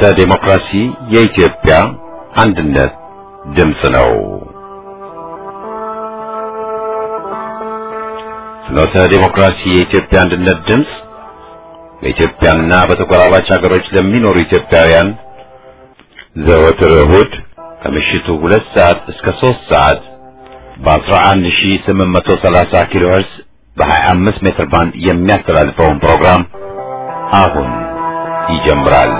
ለመሰረተ ዲሞክራሲ የኢትዮጵያ አንድነት ድምፅ ነው። ፍኖተ ዲሞክራሲ የኢትዮጵያ አንድነት ድምፅ በኢትዮጵያና በተጎራባች ሀገሮች ለሚኖሩ ኢትዮጵያውያን ዘወትር እሁድ ከምሽቱ 2 ሰዓት እስከ 3 ሰዓት በ11830 ኪሎ ሄርዝ በ25 ሜትር ባንድ የሚያስተላልፈውን ፕሮግራም አሁን ይጀምራል።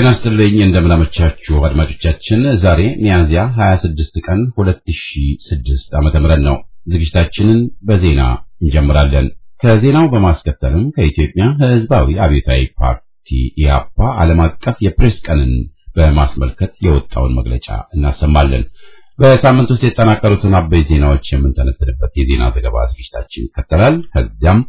ጤና ይስጥልኝ እንደምናመቻችሁ አድማጮቻችን። ዛሬ ሚያዝያ 26 ቀን 2006 ዓ.ም ነው። ዝግጅታችንን በዜና እንጀምራለን። ከዜናው በማስከተልም ከኢትዮጵያ ሕዝባዊ አብዮታዊ ፓርቲ ኢያፓ ዓለም አቀፍ የፕሬስ ቀንን በማስመልከት የወጣውን መግለጫ እናሰማለን። በሳምንት ውስጥ የተጠናቀሩትን አበይ ዜናዎች የምንተነትንበት የዜና ዘገባ ዝግጅታችን ይከተላል። ከዚያም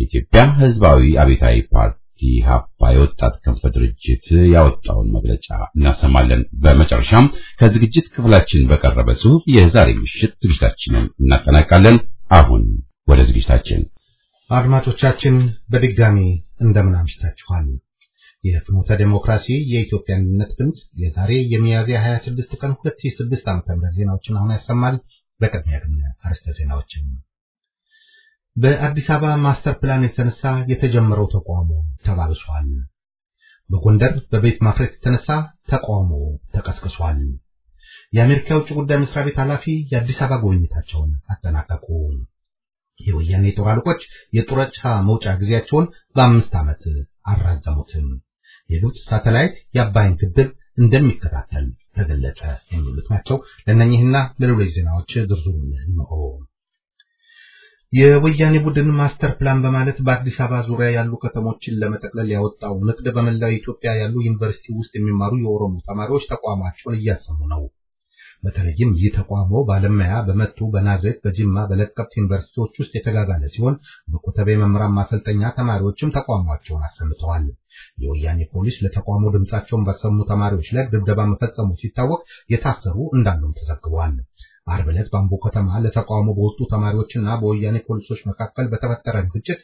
የኢትዮጵያ ሕዝባዊ አብዮታዊ ፓርቲ ኢህአፓ የወጣት ክንፍ ድርጅት ያወጣውን መግለጫ እናሰማለን። በመጨረሻም ከዝግጅት ክፍላችን በቀረበ ጽሑፍ የዛሬ ምሽት ዝግጅታችንን እናጠናቃለን። አሁን ወደ ዝግጅታችን። አድማጮቻችን በድጋሚ እንደምን አምሽታችኋል። የፍኖተ ዴሞክራሲ የኢትዮጵያ አንድነት ድምፅ የዛሬ የሚያዝያ 26 ቀን 2006 ዓ.ም ዜናዎችን አሁን ያሰማል። በቅድሚያ ግን አርዕስተ ዜናዎችን በአዲስ አበባ ማስተር ፕላን የተነሳ የተጀመረው ተቃውሞ ተባብሷል። በጎንደር በቤት ማፍረስ የተነሳ ተቃውሞ ተቀስቅሷል። የአሜሪካ የውጭ ጉዳይ መስሪያ ቤት ኃላፊ የአዲስ አበባ ጉብኝታቸውን አጠናቀቁ። የወያኔ የጦር አለቆች የጡረታ መውጫ ጊዜያቸውን በአምስት ዓመት አራዘሙትም። የግብፅ ሳተላይት የአባይን ግድብ እንደሚከታተል ተገለጸ። የሚሉት ናቸው። ለእነኚህና ለሌሎች ዜናዎች ዝርዝሩን እንሆ የወያኔ ቡድን ማስተር ፕላን በማለት በአዲስ አበባ ዙሪያ ያሉ ከተሞችን ለመጠቅለል ያወጣው ንቅድ በመላው ኢትዮጵያ ያሉ ዩኒቨርሲቲ ውስጥ የሚማሩ የኦሮሞ ተማሪዎች ተቋማቸውን እያሰሙ ነው። በተለይም ይህ ተቋሞ ባለማያ፣ በመቱ፣ በናዝሬት፣ በጅማ፣ በለቀብት ዩኒቨርሲቲዎች ውስጥ የተጋጋለ ሲሆን በኮተቤ መምህራን ማሰልጠኛ ተማሪዎችም ተቋሟቸውን አሰምተዋል። የወያኔ ፖሊስ ለተቋሙ ድምፃቸውን ባሰሙ ተማሪዎች ላይ ድብደባ መፈጸሙ ሲታወቅ የታሰሩ እንዳሉም ተዘግቧል። አርብ ዕለት በአምቦ ከተማ ለተቃውሞ በወጡ ተማሪዎችና በወያኔ ፖሊሶች መካከል በተፈጠረ ግጭት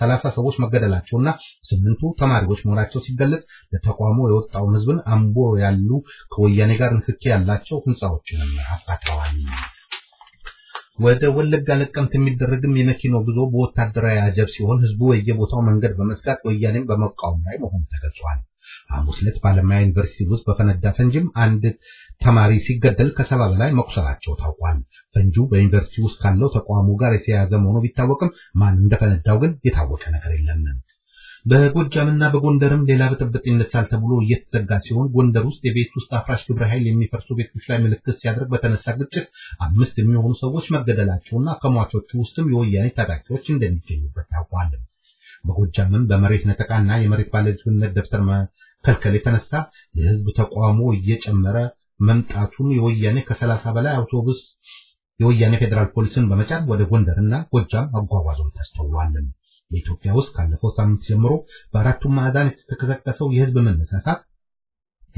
ሰላሳ ሰዎች መገደላቸውና ስምንቱ ተማሪዎች መሆናቸው ሲገለጽ ለተቃውሞ የወጣውን ህዝብ አምቦ ያሉ ከወያኔ ጋር ንክኪ ያላቸው ሕንፃዎችንም አቃጥለዋል። ወደ ወለጋ ለቀምት የሚደረግም የመኪኖ ጉዞ በወታደራዊ አጀብ ሲሆን ህዝቡ በየቦታው መንገድ በመስጋት ወያኔን በመቃወም ላይ መሆኑ ተገልጿል። ሐሙስ ዕለት ባለማያ ዩኒቨርሲቲ ውስጥ በፈነዳ ፈንጂም አንድ ተማሪ ሲገደል ከሰባ በላይ መቁሰላቸው ታውቋል። ፈንጁ በዩኒቨርሲቲ ውስጥ ካለው ተቋሙ ጋር የተያያዘ መሆኑ ቢታወቅም ማን እንደፈነዳው ግን የታወቀ ነገር የለም። በጎጃምና በጎንደርም ሌላ ብጥብጥ ይነሳል ተብሎ እየተዘጋ ሲሆን ጎንደር ውስጥ የቤት ውስጥ አፍራሽ ግብረ ኃይል የሚፈርሱ ቤቶች ላይ ምልክት ሲያደርግ በተነሳ ግጭት አምስት የሚሆኑ ሰዎች መገደላቸውና ከሟቾቹ ውስጥም የወያኔ ታጣቂዎች እንደሚገኙበት ታውቋል። በጎጃምም በመሬት ነጠቃና የመሬት ባለቤትነት ደብተር መከልከል የተነሳ የህዝብ ተቋሞ እየጨመረ መምጣቱን የወያኔ ከሰላሳ በላይ አውቶቡስ የወያኔ ፌዴራል ፖሊስን በመጫን ወደ ጎንደርና ጎጃም አጓጓዙን ታስተውሏለን። በኢትዮጵያ ውስጥ ካለፈው ሳምንት ጀምሮ በአራቱም ማዕዛን የተቀሰቀሰው የህዝብ መነሳሳት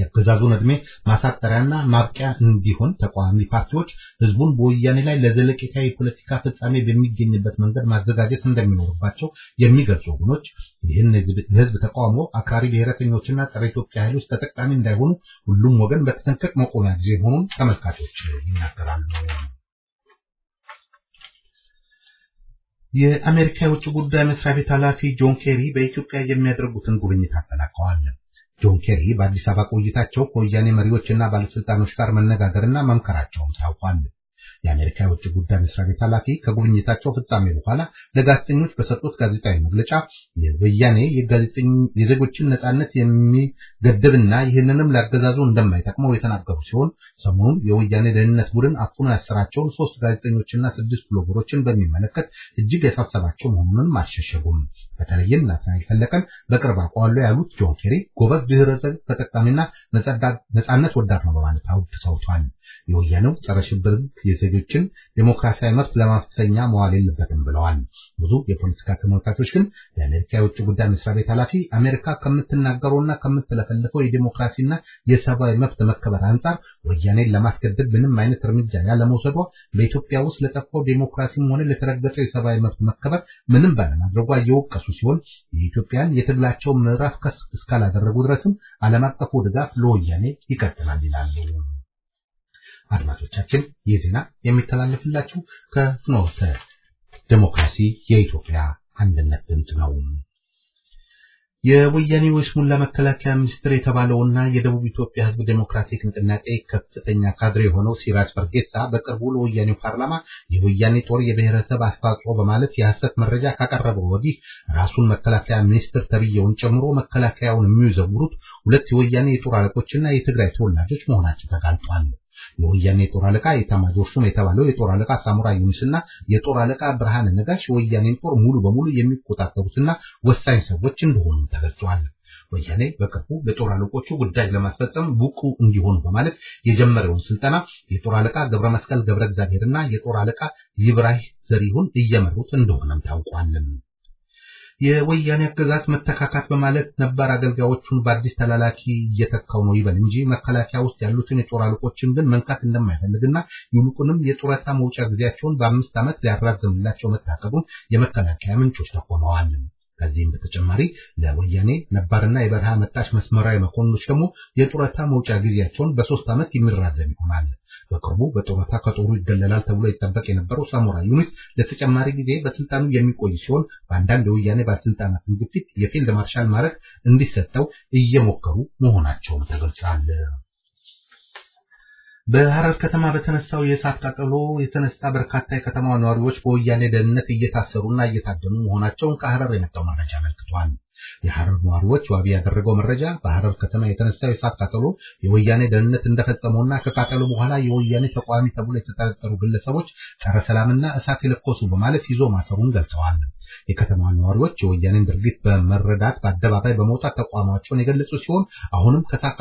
የአገዛዙን እድሜ ማሳጠሪያና ማብቂያ እንዲሆን ተቃዋሚ ፓርቲዎች ህዝቡን በወያኔ ላይ ለዘለቄታዊ የፖለቲካ ፍጻሜ በሚገኝበት መንገድ ማዘጋጀት እንደሚኖርባቸው የሚገልጹ ወገኖች ይህን የህዝብ ተቃውሞ አክራሪ ብሔረተኞችና ጸረ ኢትዮጵያ ኃይሎች ተጠቃሚ እንዳይሆኑ ሁሉም ወገን በተጠንቀቅ መቆሚያ ጊዜ መሆኑን ተመልካቾች ይናገራሉ። የአሜሪካ የውጭ ጉዳይ መስሪያ ቤት ኃላፊ ጆን ኬሪ በኢትዮጵያ የሚያደርጉትን ጉብኝት አጠናቀዋል። ጆን ኬሪ በአዲስ አበባ ቆይታቸው ከወያኔ መሪዎችና ባለስልጣኖች ጋር መነጋገርና መምከራቸውም ታውቋል። የአሜሪካ የውጭ ጉዳይ መስሪያ ቤት ኃላፊ ከጉብኝታቸው ፍጻሜ በኋላ ለጋዜጠኞች በሰጡት ጋዜጣዊ መግለጫ የወያኔ የዜጎችን ነፃነት የሚገድብና ይህንንም ለአገዛዙ እንደማይጠቅመው የተናገሩ ሲሆን ሰሞኑን የወያኔ ደህንነት ቡድን አፍኖ ያሰራቸውን ሶስት ጋዜጠኞችና ስድስት ብሎገሮችን በሚመለከት እጅግ የሳሰባቸው መሆኑንም አልሸሸጉም። በተለይም ናትናኤል ፈለቀን በቅርብ አውቀዋለሁ ያሉት ጆን ኬሪ ጎበዝ ድህረገጽ ተጠቃሚና ነጻነት ወዳድ ነው በማለት አውድሰውታል። የወያኔው ጸረ ሽብር የዜጎችን ዴሞክራሲያዊ መብት ለማፍተኛ መዋል የለበትም ብለዋል። ብዙ የፖለቲካ ተመልካቾች ግን የአሜሪካ የውጭ ጉዳይ መስሪያ ቤት ኃላፊ አሜሪካ ከምትናገረውና ከምትለፈልፈው የዴሞክራሲና የሰብአዊ መብት መከበር አንጻር ወያኔን ለማስገደድ ምንም አይነት እርምጃ ያለመውሰዷ በኢትዮጵያ ውስጥ ለጠፋው ዴሞክራሲም ሆነ ለተረገጠው የሰብአዊ መብት መከበር ምንም ባለማድረጓ እየወቀሱ ሲሆን የኢትዮጵያን የትግላቸውን ምዕራፍ ከፍ እስካላደረጉ ድረስም ዓለም አቀፉ ድጋፍ ለወያኔ ይቀጥላል ይላሉ። አድማጮቻችን፣ ይህ ዜና የሚተላለፍላችሁ ከፍኖተ ዴሞክራሲ የኢትዮጵያ አንድነት ድምፅ ነው። የወያኔ ወስሙላ መከላከያ ሚኒስትር የተባለውና የደቡብ ኢትዮጵያ ህዝብ ዴሞክራቲክ ንቅናቄ ከፍተኛ ካድሬ የሆነው ሲራጅ ፈርጌሳ በቅርቡ ለወያኔው ፓርላማ የወያኔ ጦር የብሔረሰብ አስተዋጽኦ በማለት የሐሰት መረጃ ካቀረበው ወዲህ ራሱን መከላከያ ሚኒስትር ተብየውን ጨምሮ መከላከያውን የሚዘውሩት ሁለት የወያኔ የጦር አለቆችና የትግራይ ተወላጆች መሆናቸው ተጋልጧል። የወያኔ የጦር አለቃ ኢታማ የተባለው የጦር አለቃ ሳሙራ ዩኑስና የጦር አለቃ ብርሃነ ነጋሽ ወያኔን ጦር ሙሉ በሙሉ የሚቆጣጠሩትና ወሳኝ ሰዎች እንደሆኑ ተገልጿል። ወያኔ በቅርቡ በጦር አለቆቹ ጉዳይ ለማስፈጸም ብቁ እንዲሆኑ በማለት የጀመረውን ስልጠና የጦር አለቃ ገብረ መስቀል ገብረ እግዚአብሔርና የጦር አለቃ ይብራይ ዘሪሁን እየመሩት እንደሆነም ታውቋል። የወያኔ አገዛዝ መተካካት በማለት ነባር አገልጋዮቹን በአዲስ ተላላኪ እየተካው ነው ይበል እንጂ መከላከያ ውስጥ ያሉትን የጦር አለቆችን ግን መንካት እንደማይፈልግና ይልቁንም የጡረታ መውጫ ጊዜያቸውን በአምስት ዓመት ሊያራዝምላቸው መታቀቡን የመከላከያ ምንጮች ጠቁመዋል። ከዚህም በተጨማሪ ለወያኔ ነባርና የበረሃ መጣሽ መስመራዊ መኮንኖች ደግሞ የጡረታ መውጫ ጊዜያቸውን በሶስት ዓመት የሚራዘም ይሆናል። በቅርቡ በጡረታ ከጦሩ ይገለላል ተብሎ ይጠበቅ የነበረው ሳሞራ ዩኒት ለተጨማሪ ጊዜ በስልጣኑ የሚቆይ ሲሆን በአንዳንድ የወያኔ ባለስልጣናትን ግፊት የፊልድ ማርሻል ማዕረግ እንዲሰጠው እየሞከሩ መሆናቸውም ተገልጿል። በሐረር ከተማ በተነሳው የእሳት ቃጠሎ የተነሳ በርካታ የከተማ ነዋሪዎች በወያኔ ደህንነት እየታሰሩና እየታደኑ መሆናቸውን ከሐረር የመጣው መረጃ አመልክቷል። የሐረር ነዋሪዎች ዋቢ ያደረገው መረጃ በሐረር ከተማ የተነሳው የእሳት ቃጠሎ የወያኔ ደህንነት እንደፈጸመውና ከቃጠሎ በኋላ የወያኔ ተቃዋሚ ተብሎ የተጠረጠሩ ግለሰቦች ጸረ ሰላምና እሳት የለኮሱ በማለት ይዞ ማሰሩን ገልጸዋል። የከተማ ነዋሪዎች የወያኔን ድርጊት በመረዳት በአደባባይ በመውጣት ተቋማቸውን የገለጹ ሲሆን አሁንም ከእሳት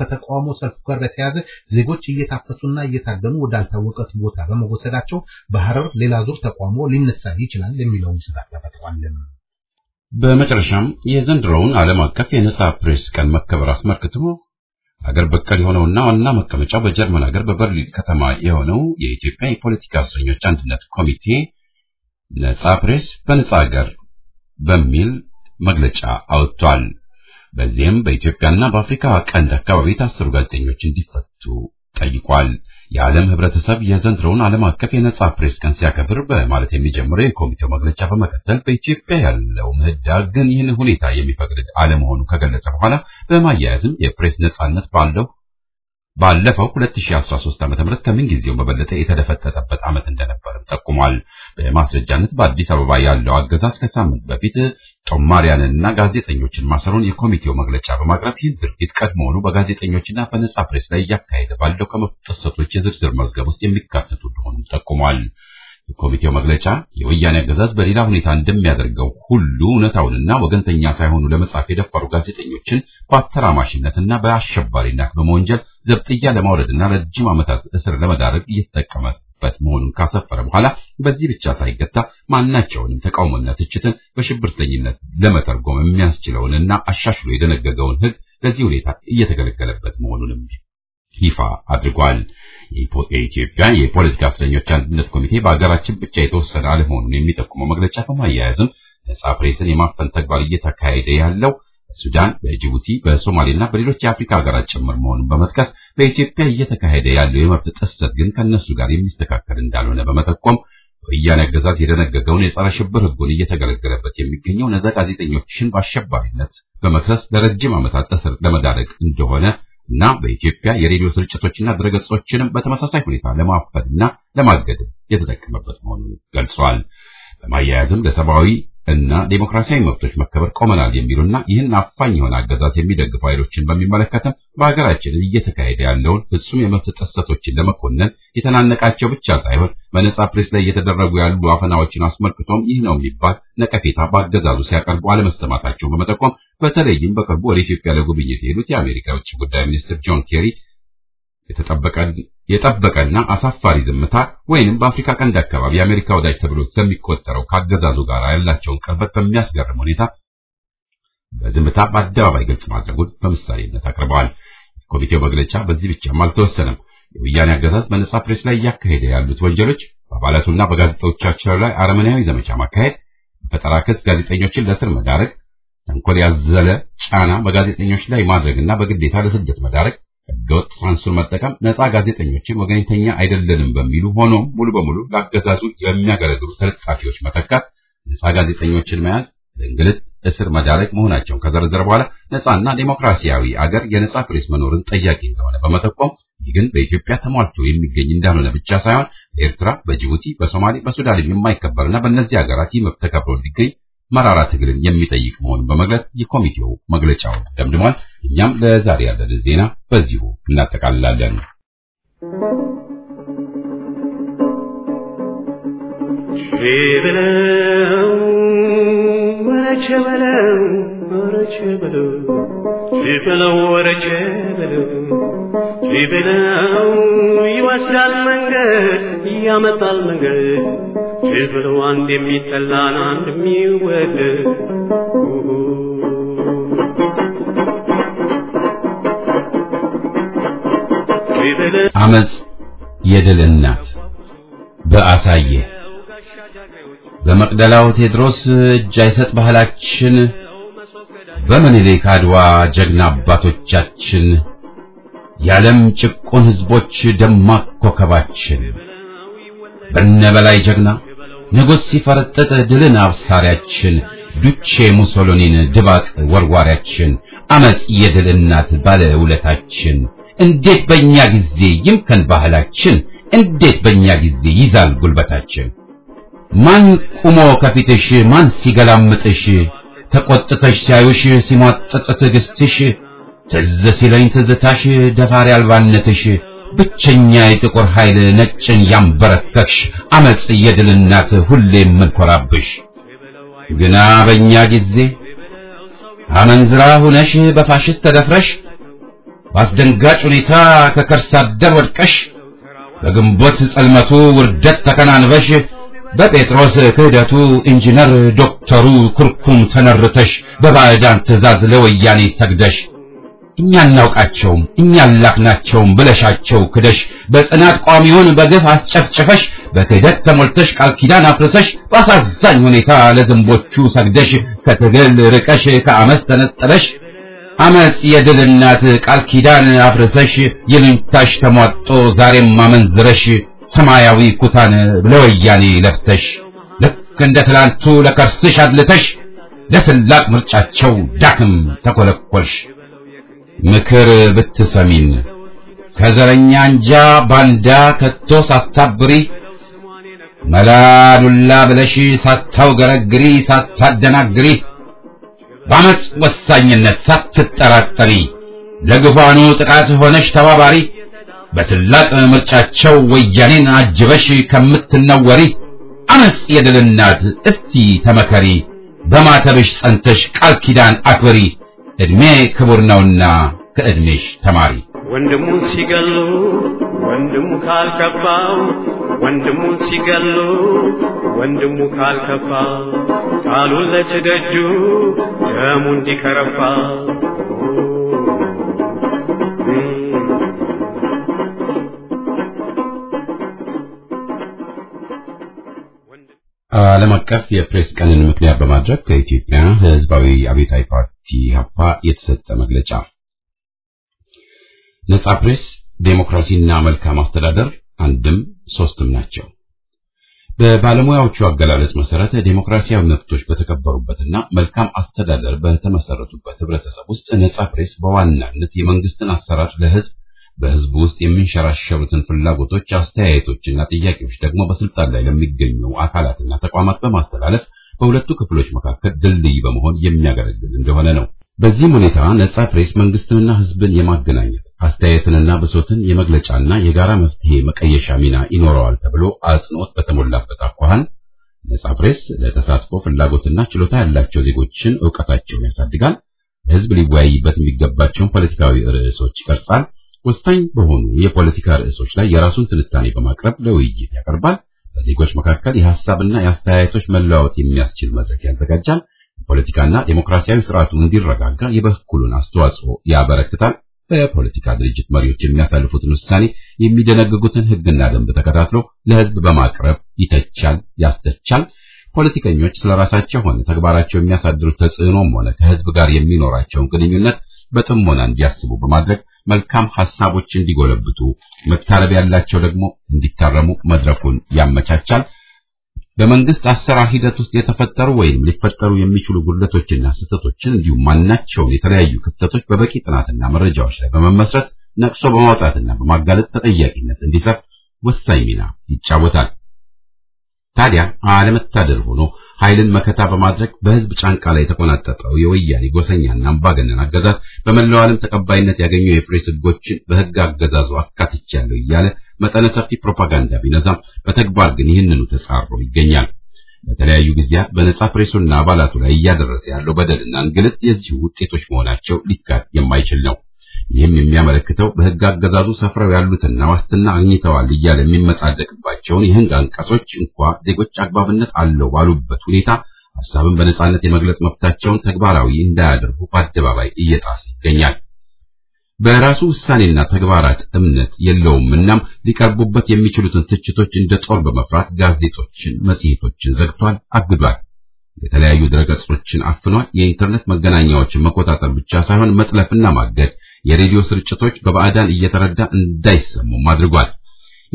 ከተቃውሞ ሰልፍ ጋር በተያያዘ ዜጎች እየታፈሱና እየታገኑ ወዳልታወቀት ቦታ በመወሰዳቸው በሐረር ሌላ ዙር ተቋሞ ሊነሳ ይችላል የሚለውን ስጋት ተፈጥሯል። በመጨረሻም የዘንድሮውን ዓለም አቀፍ የነጻ ፕሬስ ቀን መከበር አስመልክቶ አገር በቀል የሆነውና ዋና መቀመጫው በጀርመን ሀገር በበርሊን ከተማ የሆነው የኢትዮጵያ የፖለቲካ እስረኞች አንድነት ኮሚቴ ነጻ ፕሬስ በነጻ ሀገር በሚል መግለጫ አውጥቷል። በዚህም በኢትዮጵያና በአፍሪካ ቀንድ አካባቢ የታሰሩ ጋዜጠኞች እንዲፈቱ ጠይቋል። የዓለም ህብረተሰብ የዘንድሮውን ዓለም አቀፍ የነጻ ፕሬስ ቀን ሲያከብር በማለት የሚጀምረው የኮሚቴው መግለጫ በመከተል በኢትዮጵያ ያለው ምህዳር ግን ይህን ሁኔታ የሚፈቅድ አለመሆኑ ከገለጸ በኋላ በማያያዝም የፕሬስ ነጻነት ባለው ባለፈው 2013 ዓ.ም ከምን ጊዜው በበለጠ የተደፈጠጠበት ዓመት እንደነበርም ጠቁሟል። በማስረጃነት በአዲስ አበባ ያለው አገዛዝ ከሳምንት በፊት ጦማሪያንንና ጋዜጠኞችን ማሰሩን የኮሚቴው መግለጫ በማቅረብ ይህን ድርጊት ቀድሞውኑ በጋዜጠኞችና በነጻ ፕሬስ ላይ እያካሄደ ባለው ከመብት ጥሰቶች የዝርዝር መዝገብ ውስጥ የሚካተቱ እንደሆኑም ጠቁሟል። የኮሚቴው መግለጫ የወያኔ አገዛዝ በሌላ ሁኔታ እንደሚያደርገው ሁሉ እውነታውንና ወገንተኛ ሳይሆኑ ለመጻፍ የደፈሩ ጋዜጠኞችን በአተራማሽነትና በአሸባሪነት በመወንጀል ዘብጥያ ለማውረድና ረጅም ዓመታት እስር ለመዳረግ እየተጠቀመበት መሆኑን ካሰፈረ በኋላ በዚህ ብቻ ሳይገታ ማናቸውንም ተቃውሞና ትችትን በሽብርተኝነት ለመተርጎም የሚያስችለውንና አሻሽሎ የደነገገውን ሕግ ለዚህ ሁኔታ እየተገለገለበት መሆኑንም ይፋ አድርጓል። የኢትዮጵያ የፖለቲካ እስረኞች አንድነት ኮሚቴ በአገራችን ብቻ የተወሰነ አለመሆኑን የሚጠቁመው መግለጫ በማያያዝም ነጻ ፕሬስን የማፈን ተግባር እየተካሄደ ያለው በሱዳን፣ በጅቡቲ፣ እና በሌሎች የአፍሪካ ሀገራት ጭምር መሆኑን በመጥቀስ በኢትዮጵያ እየተካሄደ ያለው የመብት ጥሰት ግን ከነሱ ጋር የሚስተካከል እንዳልሆነ በመጠቆም ወያኔ አገዛዝ የደነገገውን የጸረ ሽብር ሕጉን እየተገለገለበት የሚገኘው ነጻ ጋዜጠኞችን በአሸባሪነት በመክሰስ ለረጅም ዓመታት እስር ለመዳረግ እንደሆነ እና በኢትዮጵያ የሬዲዮ ስርጭቶችና ድረገጾችንም በተመሳሳይ ሁኔታ ለማፈንና ለማገድ የተጠቀመበት መሆኑን ገልጿል። በማያያዝም ለሰብአዊ እና ዴሞክራሲያዊ መብቶች መከበር ቆመናል የሚሉና ይህን አፋኝ የሆነ አገዛዝ የሚደግፉ ኃይሎችን በሚመለከትም በሀገራችን እየተካሄደ ያለውን ፍጹም የመብት ጥሰቶችን ለመኮነን የተናነቃቸው ብቻ ሳይሆን በነጻ ፕሬስ ላይ እየተደረጉ ያሉ አፈናዎችን አስመልክቶም ይህ ነው የሚባል ነቀፌታ በአገዛዙ ሲያቀርቡ አለመሰማታቸውን በመጠቆም በተለይም በቅርቡ ወደ ኢትዮጵያ ለጉብኝት የሄዱት የአሜሪካ ውጭ ጉዳይ ሚኒስትር ጆን ኬሪ የጠበቀና አሳፋሪ ዝምታ ወይንም በአፍሪካ ቀንድ አካባቢ የአሜሪካ ወዳጅ ተብሎ ስለሚቆጠረው ከአገዛዙ ጋር ያላቸውን ቅርበት በሚያስገርም ሁኔታ በዝምታ በአደባባይ ግልጽ ማድረጉን በምሳሌነት አቅርበዋል። ኮሚቴው መግለጫ በዚህ ብቻም አልተወሰነም። የወያኔ አገዛዝ በነጻ ፕሬስ ላይ እያካሄደ ያሉት ወንጀሎች፣ በአባላቱና በጋዜጦቻቸው ላይ አረመናዊ ዘመቻ ማካሄድ፣ በፈጠራ ክስ ጋዜጠኞችን ለስር መዳረግ፣ ተንኮል ያዘለ ጫና በጋዜጠኞች ላይ ማድረግና በግዴታ ለስደት መዳረግ ህገወጥ ሳንሱር መጠቀም ነፃ ጋዜጠኞችን ወገንተኛ አይደለንም በሚሉ ሆኖ ሙሉ በሙሉ ለአገዛዙ የሚያገለግሉ ተለጣፊዎች መተካት፣ ነፃ ጋዜጠኞችን መያዝ ለእንግልት እስር መዳረግ መሆናቸውን ከዘረዘረ በኋላ ነፃና ዴሞክራሲያዊ አገር የነፃ ፕሬስ መኖርን ጠያቂ እንደሆነ በመጠቆም ይህ ግን በኢትዮጵያ ተሟልቶ የሚገኝ እንዳልሆነ ብቻ ሳይሆን በኤርትራ፣ በጅቡቲ፣ በሶማሌ፣ በሱዳን የማይከበርና በእነዚህ ሀገራት ይህ መብት ተከብሮ እንዲገኝ መራራ ትግልን የሚጠይቅ መሆኑን በመግለጽ የኮሚቴው መግለጫውን ደምድሟል። እኛም ለዛሬ ያለን ዜና በዚሁ እናጠቃልላለን። ይወስዳል መንገድ ያመጣል መንገድ ብሎ አንድ የሚጠላን አንድ የሚወደድ አመጽ የድል እናት በአሳየ በመቅደላው ቴድሮስ እጅ አይሰጥ ባህላችን በምኒልክ አድዋ ጀግና አባቶቻችን የዓለም ጭቁን ሕዝቦች ደማቅ ኮከባችን በነበላይ ጀግና ንጉሥ ሲፈርጥጥ ድልን አብሳሪያችን ዱቼ ሙሶሎኒን ድባቅ ወርዋሪያችን፣ አመፅ የድል እናት ባለ ውለታችን እንዴት በእኛ ጊዜ ይምከን ባህላችን፣ እንዴት በእኛ ጊዜ ይዛል ጉልበታችን። ማን ቁሞ ከፊትሽ ማን ሲገላምጥሽ ተቆጥተሽ ሲያዩሽ ሲሟጠጥ ትዕግስትሽ ትዝ ሲለኝ ትዝታሽ ደፋሪ አልባነትሽ ብቸኛ የጥቁር ኃይል ነጭን ያንበረከክሽ አመፅ የድል እናት ሁሌም እንኮራብሽ። ግና በእኛ ጊዜ አመንዝራ ሁነሽ በፋሽስት ተደፍረሽ በአስደንጋጭ ሁኔታ ከከርሳ አደር ወድቀሽ በግንቦት ጸልመቱ ውርደት ተከናንበሽ በጴጥሮስ ክህደቱ ኢንጂነር ዶክተሩ ኩርኩም ተነርተሽ በባዕዳን ትእዛዝ ለወያኔ ሰግደሽ እኛ እናውቃቸውም እኛ ላክናቸውም ብለሻቸው ክደሽ በጽናት ቋሚውን በግፍ አስጨፍጭፈሽ በክህደት ተሞልተሽ ቃል ኪዳን አፍርሰሽ በአሳዛኝ ሁኔታ ለዝንቦቹ ሰግደሽ ከትግል ርቀሽ ከአመፅ ተነጠለሽ አመፅ የድል እናት ቃል ኪዳን አፍርሰሽ ይሉኝታሽ ተሟጦ ዛሬም አመንዝረሽ ሰማያዊ ኩታን ለወያኔ ለብሰሽ ልክ እንደ ትላንቱ ለከርስሽ አድልተሽ ለስላቅ ምርጫቸው ዳክም ተኮለኮልሽ ምክር ብትሰሚን ከዘረኛ አንጃ ባንዳ ከቶ ሳታብሪ መላዱላ ብለሺ ሳታውገረግሪ ሳታደናግሪ በአመፅ ወሳኝነት ሳትጠራጠሪ ለግፋኑ ጥቃት ሆነሽ ተባባሪ በትላቅ ምርጫቸው ወያኔን አጅበሽ ከምትነወሪ አመፅ የድል እናት እስቲ ተመከሪ በማተብሽ ጸንተሽ ቃል ኪዳን አክብሪ እድሜ ክቡር ነውና ከእድሜሽ ተማሪ ወንድሙን ሲገሉ ወንድሙ ካልከፋው ወንድሙን ሲገሉ ወንድሙ ካልከፋው ቃሉን ለችደጁ ደሙ እንዲከረፋ ዓለም አቀፍ የፕሬስ ቀንን ምክንያት በማድረግ ከኢትዮጵያ ህዝባዊ አብዮታዊ ፓርቲ ሀፋ የተሰጠ መግለጫ ነጻ ፕሬስ ዴሞክራሲና መልካም አስተዳደር አንድም ሶስትም ናቸው። በባለሙያዎቹ አገላለጽ መሰረት ዴሞክራሲያዊ መብቶች በተከበሩበትና መልካም አስተዳደር በተመሰረቱበት ህብረተሰብ ውስጥ ነጻ ፕሬስ በዋናነት የመንግስትን አሰራር ለህዝብ በህዝብ ውስጥ የሚንሸራሸሩትን ፍላጎቶች፣ አስተያየቶችና ጥያቄዎች ደግሞ በስልጣን ላይ ለሚገኙ አካላትና ተቋማት በማስተላለፍ በሁለቱ ክፍሎች መካከል ድልድይ በመሆን የሚያገለግል እንደሆነ ነው በዚህም ሁኔታ ነጻ ፕሬስ መንግስትንና ህዝብን የማገናኘት አስተያየትንና ብሶትን የመግለጫና የጋራ መፍትሄ መቀየሻ ሚና ይኖረዋል ተብሎ አጽንኦት በተሞላበት አኳኋን ነጻ ፕሬስ ለተሳትፎ ፍላጎትና ችሎታ ያላቸው ዜጎችን ዕውቀታቸውን ያሳድጋል፣ ህዝብ ሊወያይበት የሚገባቸውን ፖለቲካዊ ርዕሶች ይቀርጻል፣ ወሳኝ በሆኑ የፖለቲካ ርዕሶች ላይ የራሱን ትንታኔ በማቅረብ ለውይይት ያቀርባል፣ በዜጎች መካከል የሐሳብና የአስተያየቶች መለዋወጥ የሚያስችል መድረክ ያዘጋጃል፣ ፖለቲካና ዴሞክራሲያዊ ስርዓቱ እንዲረጋጋ የበኩሉን አስተዋጽኦ ያበረክታል። በፖለቲካ ድርጅት መሪዎች የሚያሳልፉትን ውሳኔ የሚደነግጉትን ህግና ደንብ ተከታትሎ ለህዝብ በማቅረብ ይተቻል፣ ያስተቻል። ፖለቲከኞች ስለራሳቸው ሆነ ተግባራቸው የሚያሳድሩት ተጽዕኖም ሆነ ከህዝብ ጋር የሚኖራቸውን ግንኙነት በጥሞና እንዲያስቡ በማድረግ መልካም ሐሳቦች እንዲጎለብቱ መታረብ ያላቸው ደግሞ እንዲታረሙ መድረኩን ያመቻቻል። በመንግስት አሰራር ሂደት ውስጥ የተፈጠሩ ወይም ሊፈጠሩ የሚችሉ ጉድለቶችና ስህተቶችን እንዲሁም ማናቸውን የተለያዩ ክፍተቶች በበቂ ጥናትና መረጃዎች ላይ በመመስረት ነቅሶ በማውጣትና በማጋለጥ ተጠያቂነት እንዲሰፍ ወሳኝ ሚና ይጫወታል። ታዲያ አለመታደል ሆኖ ኃይልን መከታ በማድረግ በህዝብ ጫንቃ ላይ የተቆናጠጠው የወያኔ ጎሰኛና አምባገነን አገዛዝ በመላው ዓለም ተቀባይነት ያገኙ የፕሬስ ህጎችን በህግ አገዛዙ አካትቻለሁ እያለ መጠነ ሰፊ ፕሮፓጋንዳ ቢነዛም በተግባር ግን ይህንኑ ተጻሮ ይገኛል። በተለያዩ ጊዜያት በነጻ ፕሬሱና አባላቱ ላይ እያደረሰ ያለው በደልና እንግልት የዚህ ውጤቶች መሆናቸው ሊካድ የማይችል ነው። ይህም የሚያመለክተው በሕግ አገዛዙ ሰፍረው ያሉትና ዋስትና አግኝተዋል እያለ የሚመጣደቅባቸውን የሕግ አንቀጾች እንኳ ዜጎች አግባብነት አለው ባሉበት ሁኔታ ሀሳብን በነጻነት የመግለጽ መብታቸውን ተግባራዊ እንዳያደርጉ በአደባባይ እየጣሰ ይገኛል። በራሱ ውሳኔና ተግባራት እምነት የለውም። እናም ሊቀርቡበት የሚችሉትን ትችቶች እንደ ጦር በመፍራት ጋዜጦችን፣ መጽሔቶችን ዘግቷል፣ አግዷል። የተለያዩ ድረገጾችን አፍኗል። የኢንተርኔት መገናኛዎችን መቆጣጠር ብቻ ሳይሆን መጥለፍና ማገድ፣ የሬዲዮ ስርጭቶች በባዕዳን እየተረዳ እንዳይሰሙም አድርጓል።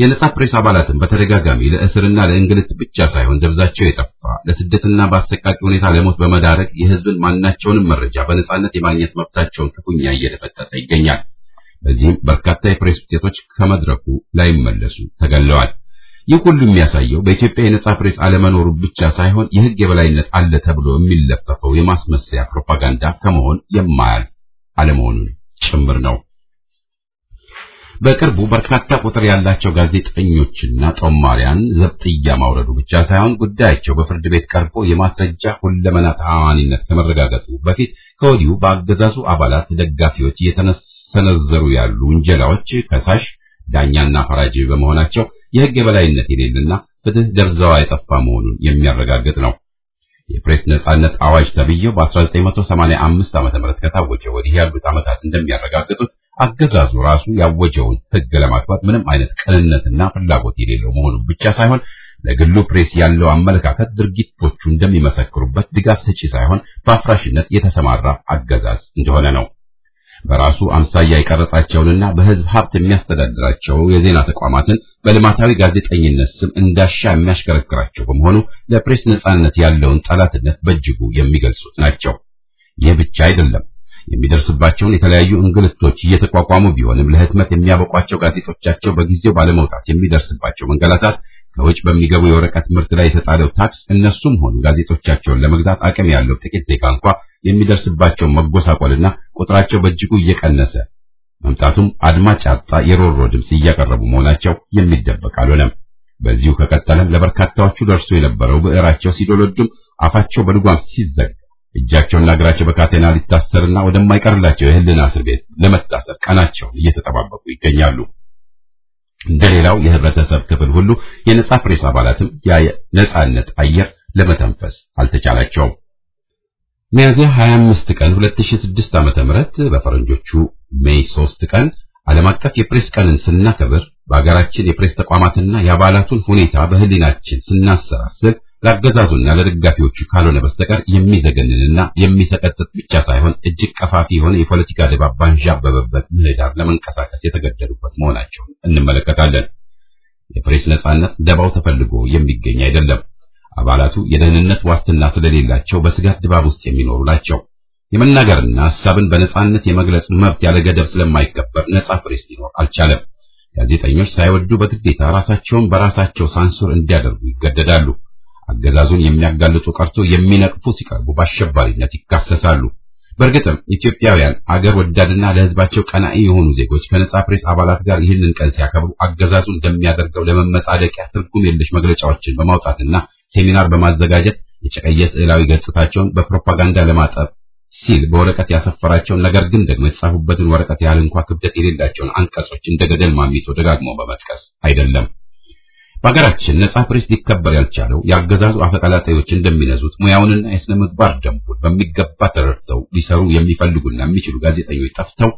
የነጻ ፕሬስ አባላትን በተደጋጋሚ ለእስርና ለእንግልት ብቻ ሳይሆን ደብዛቸው የጠፋ ለስደትና በአሰቃቂ ሁኔታ ለሞት በመዳረግ የህዝብን ማናቸውንም መረጃ በነጻነት የማግኘት መብታቸውን ክፉኛ እየተፈጠጠ ይገኛል። በዚህም በርካታ የፕሬስ ውጤቶች ከመድረኩ ላይመለሱ ተገለዋል። ይህ ሁሉ የሚያሳየው በኢትዮጵያ የነጻ ፕሬስ አለመኖሩ ብቻ ሳይሆን የህግ የበላይነት አለ ተብሎ የሚለፈፈው የማስመሰያ ፕሮፓጋንዳ ከመሆን የማያልፍ አለመሆኑን ጭምር ነው። በቅርቡ በርካታ ቁጥር ያላቸው ጋዜጠኞችና ጦማሪያን ዘብጥያ ማውረዱ ብቻ ሳይሆን ጉዳያቸው በፍርድ ቤት ቀርቦ የማስረጃ ሁለመና ተአማኒነት ከመረጋገጡ በፊት ከወዲሁ በአገዛዙ አባላት ደጋፊዎች እየተሰነዘሩ ያሉ ውንጀላዎች ከሳሽ ዳኛና ፈራጅ በመሆናቸው የሕግ የበላይነት የሌለና ፍትህ ደብዛዋ የጠፋ መሆኑን የሚያረጋግጥ ነው። የፕሬስ ነጻነት አዋጅ ተብዬው በ1985 ዓ.ም ከታወጀ ወዲህ ያሉት ዓመታት እንደሚያረጋግጡት አገዛዙ ራሱ ያወጀውን ህግ ለማክበር ምንም አይነት ቅንነትና ፍላጎት የሌለው መሆኑን ብቻ ሳይሆን ለግሉ ፕሬስ ያለው አመለካከት ድርጊቶቹ እንደሚመሰክሩበት ድጋፍ ሰጪ ሳይሆን በአፍራሽነት የተሰማራ አገዛዝ እንደሆነ ነው። በራሱ አምሳያ የቀረጻቸውንና በህዝብ ሀብት የሚያስተዳድራቸው የዜና ተቋማትን በልማታዊ ጋዜጠኝነት ስም እንዳሻ የሚያሽከረክራቸው በመሆኑ ለፕሬስ ነጻነት ያለውን ጠላትነት በእጅጉ የሚገልጹት ናቸው። ይህ ብቻ አይደለም። የሚደርስባቸውን የተለያዩ እንግልቶች እየተቋቋሙ ቢሆንም ለህትመት የሚያበቋቸው ጋዜጦቻቸው በጊዜው ባለመውጣት የሚደርስባቸው መንገላታት፣ ከውጭ በሚገቡ የወረቀት ምርት ላይ የተጣለው ታክስ፣ እነሱም ሆኑ ጋዜጦቻቸውን ለመግዛት አቅም ያለው ጥቂት ዜጋ እንኳ የሚደርስባቸው መጎሳቆልና ቁጥራቸው በእጅጉ እየቀነሰ መምጣቱም አድማጭ አጣ የሮሮ ድምፅ እያቀረቡ መሆናቸው የሚደበቅ አልሆነም። በዚሁ ከቀጠለም ለበርካታዎቹ ደርሶ የነበረው ብዕራቸው ሲዶለዱም አፋቸው በድጓም ሲዘጋ እጃቸውና እግራቸው በካቴና ሊታሰርና ወደማይቀርላቸው የህልና እስር ቤት ለመታሰር ቀናቸውን እየተጠባበቁ ይገኛሉ። እንደሌላው የህብረተሰብ ክፍል ሁሉ የነጻ ፕሬስ አባላትም የነጻነት አየር ለመተንፈስ አልተቻላቸውም። ሚያዝያ 25 ቀን 2006 ዓመተ ምህረት በፈረንጆቹ ሜይ 3 ቀን ዓለም አቀፍ የፕሬስ ቀንን ስናከብር በአገራችን የፕሬስ ተቋማትና የአባላቱን ሁኔታ በህሊናችን ስናሰላስል ለአገዛዙና ለደጋፊዎቹ ካልሆነ በስተቀር የሚዘገንንና የሚሰቀጥጥ ብቻ ሳይሆን እጅግ ቀፋፊ የሆነ የፖለቲካ ድባብ ባንዣበበበት ምህዳር ለመንቀሳቀስ የተገደዱበት መሆናቸውን እንመለከታለን። የፕሬስ ነጻነት ደባው ተፈልጎ የሚገኝ አይደለም። አባላቱ የደህንነት ዋስትና ስለሌላቸው በስጋት ድባብ ውስጥ የሚኖሩ ናቸው። የመናገርና ሐሳብን በነጻነት የመግለጽ መብት ያለ ገደብ ስለማይከበር ነጻ ፕሬስ ሊኖር አልቻለም። ጋዜጠኞች ሳይወዱ በግዴታ ራሳቸውን በራሳቸው ሳንሱር እንዲያደርጉ ይገደዳሉ። አገዛዙን የሚያጋልጡ ቀርቶ የሚነቅፉ ሲቀርቡ በአሸባሪነት ይካሰሳሉ። በእርግጥም ኢትዮጵያውያን አገር ወዳድና ለሕዝባቸው ቀናኢ የሆኑ ዜጎች ከነጻ ፕሬስ አባላት ጋር ይህንን ቀን ሲያከብሩ አገዛዙ እንደሚያደርገው ለመመጻደቂያ ትርጉም የለሽ መግለጫዎችን በማውጣትና ሴሚናር በማዘጋጀት የጨቀየ ስዕላዊ ገጽታቸውን በፕሮፓጋንዳ ለማጠብ ሲል በወረቀት ያሰፈራቸውን ነገር ግን ደግሞ የተጻፉበትን ወረቀት ያህል እንኳ ክብደት የሌላቸውን አንቀጾች እንደ ገደል ማሚቶ ደጋግሞ በመጥቀስ አይደለም በሀገራችን ነጻ ፕሬስ ሊከበር ያልቻለው የአገዛዙ አፈቀላጤዎች እንደሚነዙት ሙያውንና የስነ ምግባር ደንቡን በሚገባ ተረድተው ሊሰሩ የሚፈልጉና የሚችሉ ጋዜጠኞች ጠፍተው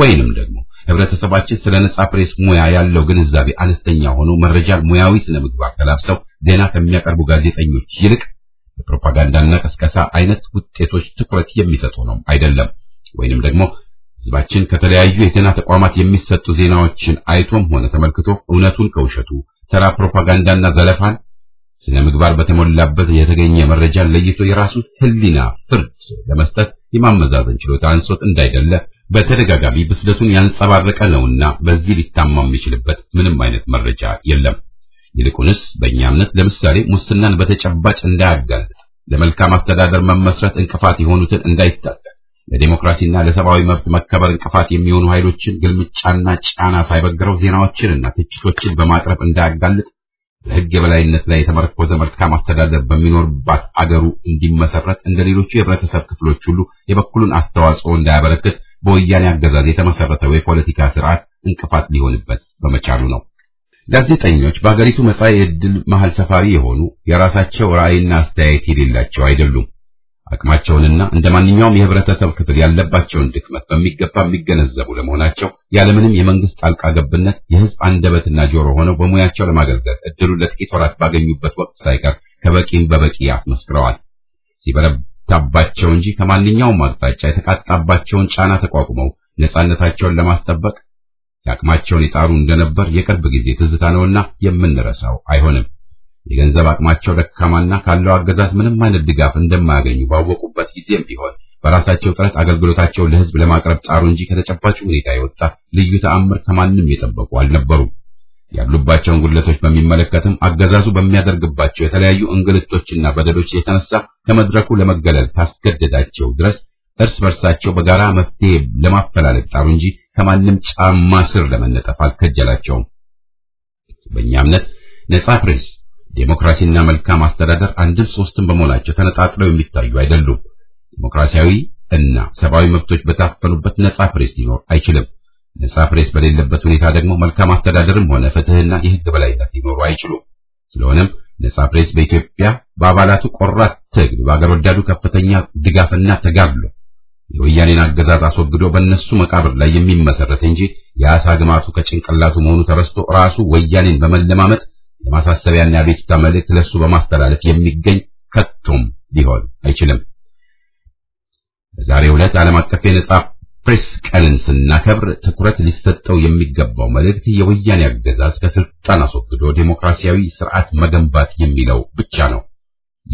ወይንም ደግሞ ህብረተሰባችን ስለ ነጻ ፕሬስ ሙያ ያለው ግንዛቤ አነስተኛ ሆኖ መረጃ ሙያዊ ስነ ምግባር ተላብሰው ዜና ከሚያቀርቡ ጋዜጠኞች ይልቅ የፕሮፓጋንዳና ቀስቀሳ አይነት ውጤቶች ትኩረት የሚሰጡ ነው አይደለም። ወይንም ደግሞ ህዝባችን ከተለያዩ የዜና ተቋማት የሚሰጡ ዜናዎችን አይቶም ሆነ ተመልክቶ እውነቱን ከውሸቱ ተራ ፕሮፓጋንዳና ዘለፋን ስነ ምግባር በተሞላበት የተገኘ መረጃን ለይቶ የራሱ ህሊና ፍርድ ለመስጠት የማመዛዘን ችሎታ አንሶት እንዳይደለ በተደጋጋሚ ብስለቱን ያንጸባረቀ ነውና በዚህ ሊታማ የሚችልበት ምንም አይነት መረጃ የለም። ይልቁንስ በእኛ እምነት ለምሳሌ ሙስናን በተጨባጭ እንዳያጋልጥ፣ ለመልካም አስተዳደር መመስረት እንቅፋት የሆኑትን እንዳይታጠቅ ለዲሞክራሲና ለሰብአዊ መብት መከበር እንቅፋት የሚሆኑ ኃይሎችን ግልምጫና ጫና ሳይበግረው ዜናዎችንና ትችቶችን በማቅረብ እንዳያጋልጥ ለህግ የበላይነት ላይ የተመረኮዘ መልካም አስተዳደር በሚኖርባት አገሩ እንዲመሰረት እንደ ሌሎቹ የህብረተሰብ ክፍሎች ሁሉ የበኩሉን አስተዋጽኦ እንዳያበረክት በወያኔ አገዛዝ የተመሰረተው የፖለቲካ ስርዓት እንቅፋት ሊሆንበት በመቻሉ ነው። ጋዜጠኞች በሀገሪቱ መጻኢ ዕድል መሀል ሰፋሪ የሆኑ የራሳቸው ራዕይና አስተያየት የሌላቸው አይደሉም። አቅማቸውንና እንደ ማንኛውም የህብረተሰብ ክፍል ያለባቸውን ድክመት በሚገባ የሚገነዘቡ ለመሆናቸው ያለምንም የመንግስት ጣልቃ ገብነት የህዝብ አንደበትና ጆሮ ሆነው በሙያቸው ለማገልገል እድሉን ለጥቂት ወራት ባገኙበት ወቅት ሳይቀር ከበቂም በበቂ አስመስክረዋል። ሲበረታባቸው እንጂ ከማንኛውም አቅጣጫ የተቃጣባቸውን ጫና ተቋቁመው ነጻነታቸውን ለማስጠበቅ የአቅማቸውን የጣሩ እንደነበር የቅርብ ጊዜ ትዝታ ነውና የምንረሳው አይሆንም። የገንዘብ አቅማቸው ደካማና ካለው አገዛዝ ምንም አይነት ድጋፍ እንደማያገኙ ባወቁበት ጊዜም ቢሆን በራሳቸው ጥረት አገልግሎታቸው ለህዝብ ለማቅረብ ጣሩ እንጂ ከተጨባጭ ሁኔታ የወጣ ልዩ ተአምር ከማንም የጠበቁ አልነበሩም። ያሉባቸውን ጉድለቶች በሚመለከትም አገዛዙ በሚያደርግባቸው የተለያዩ እንግልቶችና በደሎች የተነሳ ከመድረኩ ለመገለል ታስገደዳቸው ድረስ እርስ በርሳቸው በጋራ መፍትሄ ለማፈላለግ ጣሩ እንጂ ከማንም ጫማ ስር ለመነጠፍ አልከጀላቸውም። በእኛ እምነት ነጻ ፕሬስ ዴሞክራሲና መልካም አስተዳደር አንድም ሶስትም በመሆናቸው ተነጣጥለው የሚታዩ አይደሉም። ዴሞክራሲያዊ እና ሰብአዊ መብቶች በታፈኑበት ነጻ ፕሬስ ሊኖር አይችልም። ነጻ ፕሬስ በሌለበት ሁኔታ ደግሞ መልካም አስተዳደርም ሆነ ፍትህና የህግ በላይነት ሊኖሩ አይችሉም። ስለሆነም ነጻ ፕሬስ በኢትዮጵያ በአባላቱ ቆራት ትግል በአገር ወዳዱ ከፍተኛ ድጋፍና ተጋድሎ የወያኔን አገዛዝ አስወግዶ በእነሱ መቃብር ላይ የሚመሰረት እንጂ የአሳ ግማቱ ከጭንቅላቱ መሆኑ ተረስቶ ራሱ ወያኔን በመለማመጥ የማሳሰቢያና የቤቱታ መልእክት ለሱ በማስተላለፍ የሚገኝ ከቶም ሊሆን አይችልም። በዛሬው ዕለት ዓለም አቀፍ የነጻ ፕሬስ ቀንን ስናከብር ትኩረት ሊሰጠው የሚገባው መልእክት የወያኔ አገዛዝ ከስልጣን አስወግዶ ዴሞክራሲያዊ ስርዓት መገንባት የሚለው ብቻ ነው።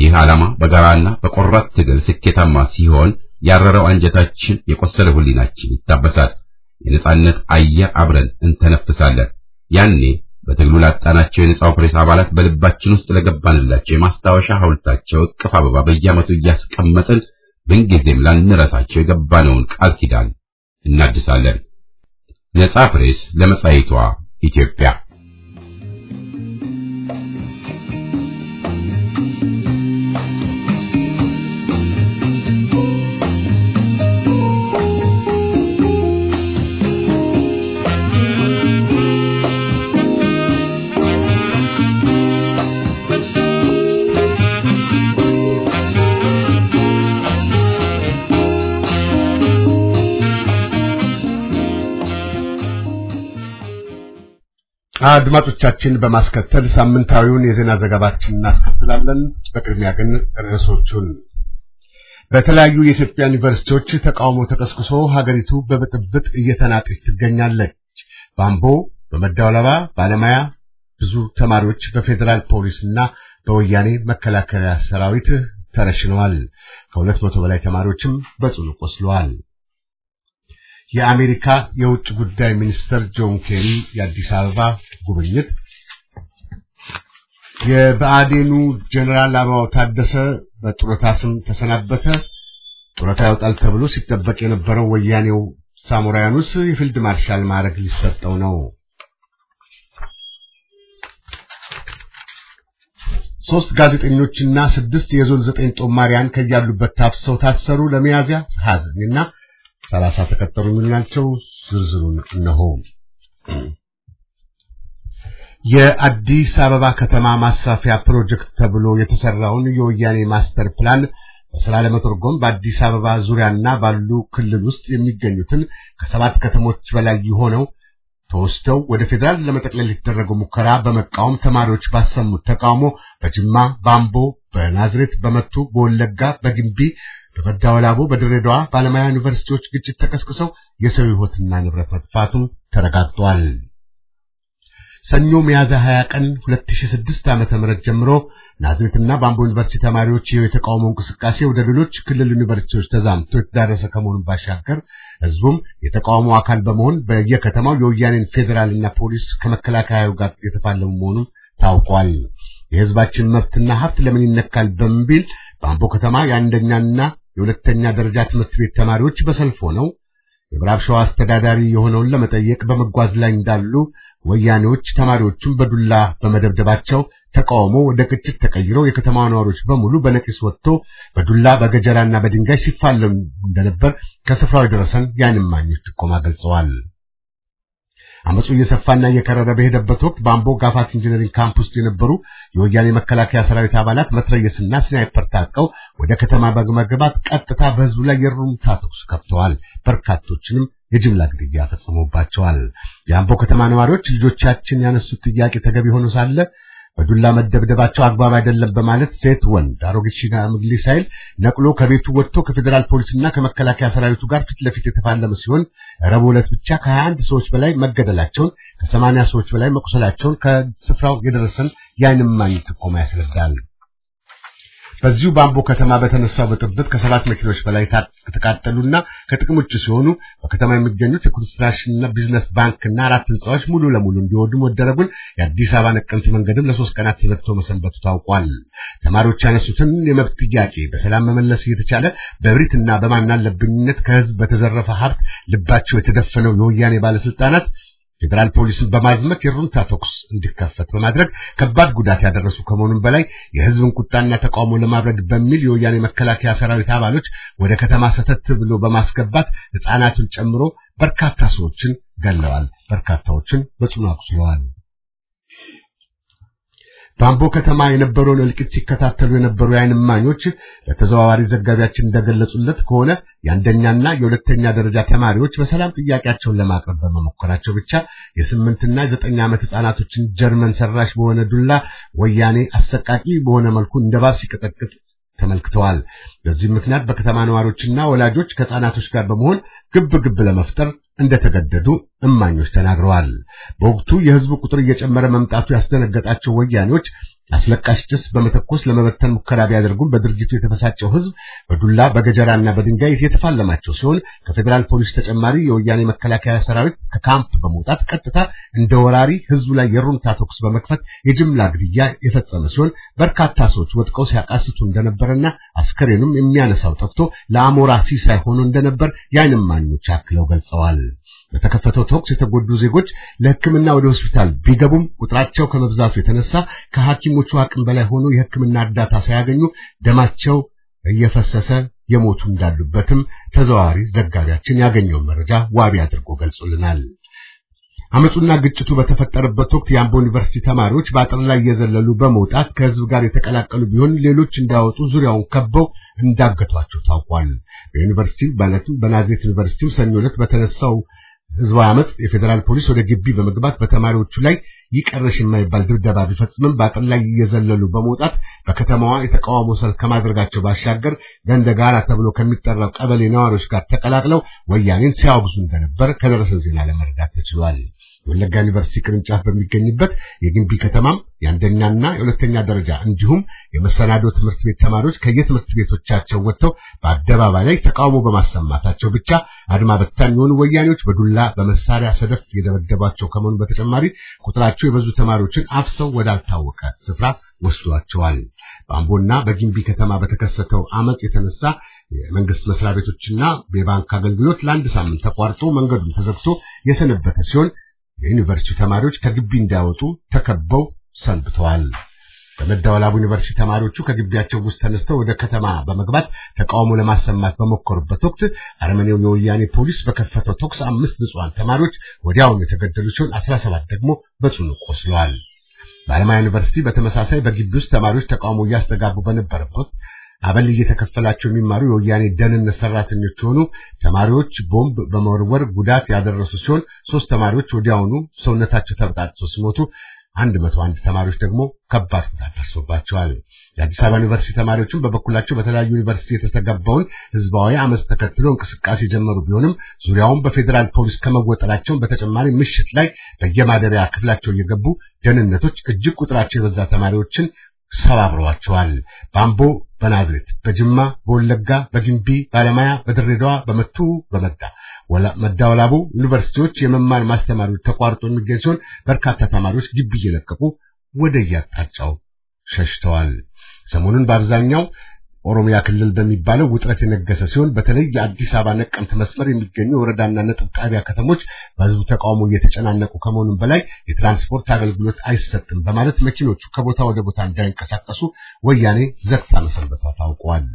ይህ ዓላማ በጋራና በቆራት ትግል ስኬታማ ሲሆን ያረረው አንጀታችን፣ የቆሰለ ሁሊናችን ይታበሳል። የነጻነት አየር አብረን እንተነፍሳለን። ያኔ በትግሉ ላጣናቸው የነጻው ፕሬስ አባላት በልባችን ውስጥ ለገባንላቸው የማስታወሻ ሐውልታቸው እቅፍ አበባ በየዓመቱ እያስቀመጥን ምንጊዜም ላንረሳቸው የገባነውን ቃል ኪዳን እናድሳለን። ነጻ ፕሬስ ለመጻይቷ ኢትዮጵያ አድማጮቻችን በማስከተል ሳምንታዊውን የዜና ዘገባችን እናስከትላለን። በቅድሚያ ግን ርዕሶቹን። በተለያዩ የኢትዮጵያ ዩኒቨርሲቲዎች ተቃውሞ ተቀስቅሶ ሀገሪቱ በብጥብጥ እየተናጠች ትገኛለች። ባምቦ፣ በመዳወላባ፣ ባለማያ ብዙ ተማሪዎች በፌዴራል ፖሊስና በወያኔ መከላከያ ሰራዊት ተረሽነዋል። ከሁለት መቶ በላይ ተማሪዎችም በጽኑ ቆስለዋል። የአሜሪካ የውጭ ጉዳይ ሚኒስትር ጆን ኬሪ የአዲስ አበባ ጉብኝት፣ የብአዴኑ ጀኔራል አበባው ታደሰ በጡረታ ስም ተሰናበተ፣ ጡረታ ያውጣል ተብሎ ሲጠበቅ የነበረው ወያኔው ሳሙራያኑስ የፊልድ ማርሻል ማዕረግ ሊሰጠው ነው። ሶስት ጋዜጠኞችና ስድስት የዞን ዘጠኝ ጦማሪያን ከያሉበት ታፍሰው ታሰሩ። ለሚያዝያ ሐዘንና ሰላሳ ተከተሉ ምን ናቸው? ዝርዝሩን እነሆ። የአዲስ አበባ ከተማ ማስፋፊያ ፕሮጀክት ተብሎ የተሰራውን የወያኔ ማስተር ፕላን በስራ ለመተርጎም በአዲስ አበባ ዙሪያና ባሉ ክልል ውስጥ የሚገኙትን ከሰባት ከተሞች በላይ የሆነው ተወስደው ወደ ፌዴራል ለመጠቅለል የተደረገው ሙከራ በመቃወም ተማሪዎች ባሰሙት ተቃውሞ በጅማ፣ በአምቦ፣ በናዝሬት፣ በመቱ፣ በወለጋ፣ በግንቢ፣ በፈዳ ወላቡ በድሬዳዋ ባለሙያ ዩኒቨርሲቲዎች ግጭት ተቀስቅሰው የሰው ሕይወትና ንብረት መጥፋቱ ተረጋግጧል። ሰኞ ሚያዝያ 20 ቀን 2006 ዓመተ ምህረት ጀምሮ ናዝሬትና ባምቦ ዩኒቨርሲቲ ተማሪዎች የተቃውሞ እንቅስቃሴ ወደ ሌሎች ክልል ዩኒቨርሲቲዎች ተዛምቶ የተዳረሰ ከመሆኑ ባሻገር ህዝቡም የተቃውሞ አካል በመሆን በየከተማው የወያኔን ፌዴራልና ፖሊስ ከመከላከያው ጋር የተፋለሙ መሆኑን ታውቋል። የህዝባችን መብትና ሀብት ለምን ይነካል በሚል በአምቦ ከተማ የአንደኛና የሁለተኛ ደረጃ ትምህርት ቤት ተማሪዎች በሰልፎ ነው የምዕራብ አስተዳዳሪ የሆነውን ለመጠየቅ በመጓዝ ላይ እንዳሉ ወያኔዎች ተማሪዎቹን በዱላ በመደብደባቸው ተቃውሞ ወደ ግጭት ተቀይረው የከተማ ነዋሪዎች በሙሉ በነቂስ ወጥቶ በዱላ በገጀራና በድንጋይ ሲፋለም እንደነበር ከስፍራው የደረሰን የዓይን ጥቆማ ገልጸዋል። አመፁ እየሰፋና እየከረረ በሄደበት ወቅት በአምቦ ጋፋት ኢንጂነሪንግ ካምፕስ የነበሩ የወያኔ መከላከያ ሰራዊት አባላት መትረየስና ስናይፐር ታጥቀው ወደ ከተማ በመግባት ቀጥታ በህዝቡ ላይ የሩምታ ተኩስ ከፍተዋል። በርካቶችንም የጅምላ ግድያ ፈጽሞባቸዋል። የአምቦ ከተማ ነዋሪዎች ልጆቻችን ያነሱት ጥያቄ ተገቢ ሆኖ ሳለ በዱላ መደብደባቸው አግባብ አይደለም በማለት ሴት ወንድ አሮጌችና ምግሊ ነቅሎ ከቤቱ ወጥቶ ከፌዴራል ፖሊስና ከመከላከያ ሰራዊቱ ጋር ፊት ለፊት የተፋለመ ሲሆን ረቡዕ ዕለት ብቻ ከ21 ሰዎች በላይ መገደላቸውን ከ80 ሰዎች በላይ መቁሰላቸውን ከስፍራው የደረሰን የዓይን እማኝ ጥቆማ ያስረዳል። በዚሁ ባምቦ ከተማ በተነሳው ብጥብጥ ከሰባት መኪኖች በላይ የተቃጠሉና ከጥቅም ውጭ ሲሆኑ በከተማ የሚገኙት የኮንስትራክሽንና ቢዝነስ እና አራት ህንፃዎች ሙሉ ለሙሉ እንዲወዱ መደረጉን የአዲስ አበባ ነቀምት መንገድም ለሶስት ቀናት ተዘግቶ መሰንበቱ ታውቋል። ተማሪዎች ያነሱትን የመብት ጥያቄ በሰላም መመለስ እየተቻለ በእብሪትና በማናለብኝነት ከህዝብ በተዘረፈ ሀብት ልባቸው የተደፈነው የወያኔ ባለስልጣናት ፌዴራል ፖሊስን በማዝመት የሩንታ ተኩስ እንዲከፈት በማድረግ ከባድ ጉዳት ያደረሱ ከመሆኑም በላይ የህዝብን ቁጣና ተቃውሞ ለማብረድ በሚል የወያኔ መከላከያ ሰራዊት አባሎች ወደ ከተማ ሰተት ብሎ በማስገባት ህፃናቱን ጨምሮ በርካታ ሰዎችን ገለዋል፣ በርካታዎችን በጽኑ አቁስለዋል። በአምቦ ከተማ የነበረውን እልቂት ሲከታተሉ የነበሩ የዓይን ለተዘዋዋሪ ዘጋቢያችን እንደገለጹለት ከሆነ የአንደኛና የሁለተኛ ደረጃ ተማሪዎች በሰላም ጥያቄያቸውን ለማቅረብ በመሞከራቸው ብቻ የስምንትና የዘጠኝ ዓመት ህጻናቶችን ጀርመን ሰራሽ በሆነ ዱላ ወያኔ አሰቃቂ በሆነ መልኩ እንደባብ ሲቀጠቅጥ ተመልክተዋል። በዚህም ምክንያት በከተማ ነዋሪዎችና ወላጆች ከህጻናቶች ጋር በመሆን ግብ ግብ ለመፍጠር እንደተገደዱ እማኞች ተናግረዋል። በወቅቱ የህዝቡ ቁጥር እየጨመረ መምጣቱ ያስደነገጣቸው ወያኔዎች አስለቃሽ ጭስ በመተኮስ ለመበተን ሙከራ ቢያደርጉም በድርጊቱ የተበሳጨው ህዝብ በዱላ በገጀራና በድንጋይ የተፋለማቸው ሲሆን ከፌዴራል ፖሊስ ተጨማሪ የወያኔ መከላከያ ሰራዊት ከካምፕ በመውጣት ቀጥታ እንደ ወራሪ ህዝቡ ላይ የሩምታ ተኩስ በመክፈት የጅምላ ግድያ የፈጸመ ሲሆን በርካታ ሰዎች ወጥቀው ሲያቃስቱ እንደነበረና አስከሬኑም የሚያነሳው ጠፍቶ ለአሞራ ሲሳይ ሆኖ እንደነበር የዓይን እማኞች አክለው ገልጸዋል። በተከፈተው ተኩስ የተጎዱ ዜጎች ለህክምና ወደ ሆስፒታል ቢገቡም ቁጥራቸው ከመብዛቱ የተነሳ ከሐኪሞቹ አቅም በላይ ሆኖ የህክምና እርዳታ ሳያገኙ ደማቸው እየፈሰሰ የሞቱ እንዳሉበትም ተዘዋዋሪ ዘጋቢያችን ያገኘውን መረጃ ዋቢ አድርጎ ገልጾልናል። አመፁና ግጭቱ በተፈጠረበት ወቅት የአምቦ ዩኒቨርሲቲ ተማሪዎች በአጥር ላይ እየዘለሉ በመውጣት ከህዝብ ጋር የተቀላቀሉ ቢሆን ሌሎች እንዳይወጡ ዙሪያውን ከበው እንዳገቷቸው ታውቋል። በዩኒቨርሲቲ ማለትም በናዝሬት ዩኒቨርሲቲም ሰኞ ዕለት በተነሳው ህዝባዊ አመፅ የፌደራል ፖሊስ ወደ ግቢ በመግባት በተማሪዎቹ ላይ ይቀርሽ የማይባል ድብደባ ቢፈጽምም በአጥር ላይ እየዘለሉ በመውጣት በከተማዋ የተቃውሞ ሰልፍ ከማድረጋቸው ባሻገር ጋራ ተብሎ ከሚጠራው ቀበሌ ነዋሪዎች ጋር ተቀላቅለው ወያኔን ሲያወግዙ እንደነበር ከደረሰን ዜና ለመረዳት ተችሏል። ወለጋ ዩኒቨርሲቲ ቅርንጫፍ በሚገኝበት የግንቢ ከተማም የአንደኛና የሁለተኛ ደረጃ እንዲሁም የመሰናዶ ትምህርት ቤት ተማሪዎች ከየትምህርት ቤቶቻቸው ወጥተው በአደባባይ ላይ ተቃውሞ በማሰማታቸው ብቻ አድማ በታኝ የሆኑ ወያኔዎች በዱላ በመሳሪያ ሰደፍ የደበደባቸው ከመሆኑ በተጨማሪ ቁጥራቸው የበዙ ተማሪዎችን አፍሰው ወዳልታወቀ ስፍራ ወስዷቸዋል። በአምቦና በግንቢ ከተማ በተከሰተው አመፅ የተነሳ የመንግስት መስሪያ ቤቶችና የባንክ አገልግሎት ለአንድ ሳምንት ተቋርጦ መንገዱን ተዘግቶ የሰነበተ ሲሆን የዩኒቨርሲቲ ተማሪዎች ከግቢ እንዳይወጡ ተከበው ሰንብተዋል። በመደወላቡ ዩኒቨርሲቲ ተማሪዎቹ ከግቢያቸው ውስጥ ተነስተው ወደ ከተማ በመግባት ተቃውሞ ለማሰማት በሞከሩበት ወቅት አረመኔው የወያኔ ፖሊስ በከፈተው ተኩስ አምስት ንጹሃን ተማሪዎች ወዲያውኑ የተገደሉ ሲሆን 17 ደግሞ በጽኑ ቆስለዋል። በአለማያ ዩኒቨርሲቲ በተመሳሳይ በግቢ ውስጥ ተማሪዎች ተቃውሞ እያስተጋቡ በነበረበት አበል እየተከፈላቸው የሚማሩ የወያኔ ደህንነት ሰራተኞች የሆኑ ተማሪዎች ቦምብ በመወርወር ጉዳት ያደረሱ ሲሆን ሶስት ተማሪዎች ወዲያውኑ ሰውነታቸው ተበጣጥሶ ሲሞቱ አንድ መቶ አንድ ተማሪዎች ደግሞ ከባድ ጉዳት ደርሶባቸዋል። የአዲስ አበባ ዩኒቨርሲቲ ተማሪዎችም በበኩላቸው በተለያዩ ዩኒቨርሲቲ የተስተጋባውን ህዝባዊ አመፅ ተከትሎ እንቅስቃሴ ጀመሩ ቢሆንም ዙሪያውን በፌዴራል ፖሊስ ከመወጠራቸውን በተጨማሪ ምሽት ላይ በየማደሪያ ክፍላቸው እየገቡ ደህንነቶች እጅግ ቁጥራቸው የበዛ ተማሪዎችን ሰባብረዋቸዋል። ባምቦ በናዝሬት፣ በጅማ፣ በወለጋ፣ በግንቢ በአለማያ፣ በድሬዳዋ፣ በመቱ፣ በመዳ መዳወላቡ ዩኒቨርሲቲዎች የመማር ማስተማሩ ተቋርጦ የሚገኝ ሲሆን በርካታ ተማሪዎች ግቢ እየለቀቁ ወደ የአቅጣጫው ሸሽተዋል። ሰሞኑን በአብዛኛው ኦሮሚያ ክልል በሚባለው ውጥረት የነገሰ ሲሆን በተለይ የአዲስ አበባ ነቀምት መስመር የሚገኙ ወረዳና ነጥብ ጣቢያ ከተሞች በህዝቡ ተቃውሞ እየተጨናነቁ ከመሆኑም በላይ የትራንስፖርት አገልግሎት አይሰጥም በማለት መኪኖቹ ከቦታ ወደ ቦታ እንዳይንቀሳቀሱ ወያኔ ዘግታ መሰንበቷ ታውቋል።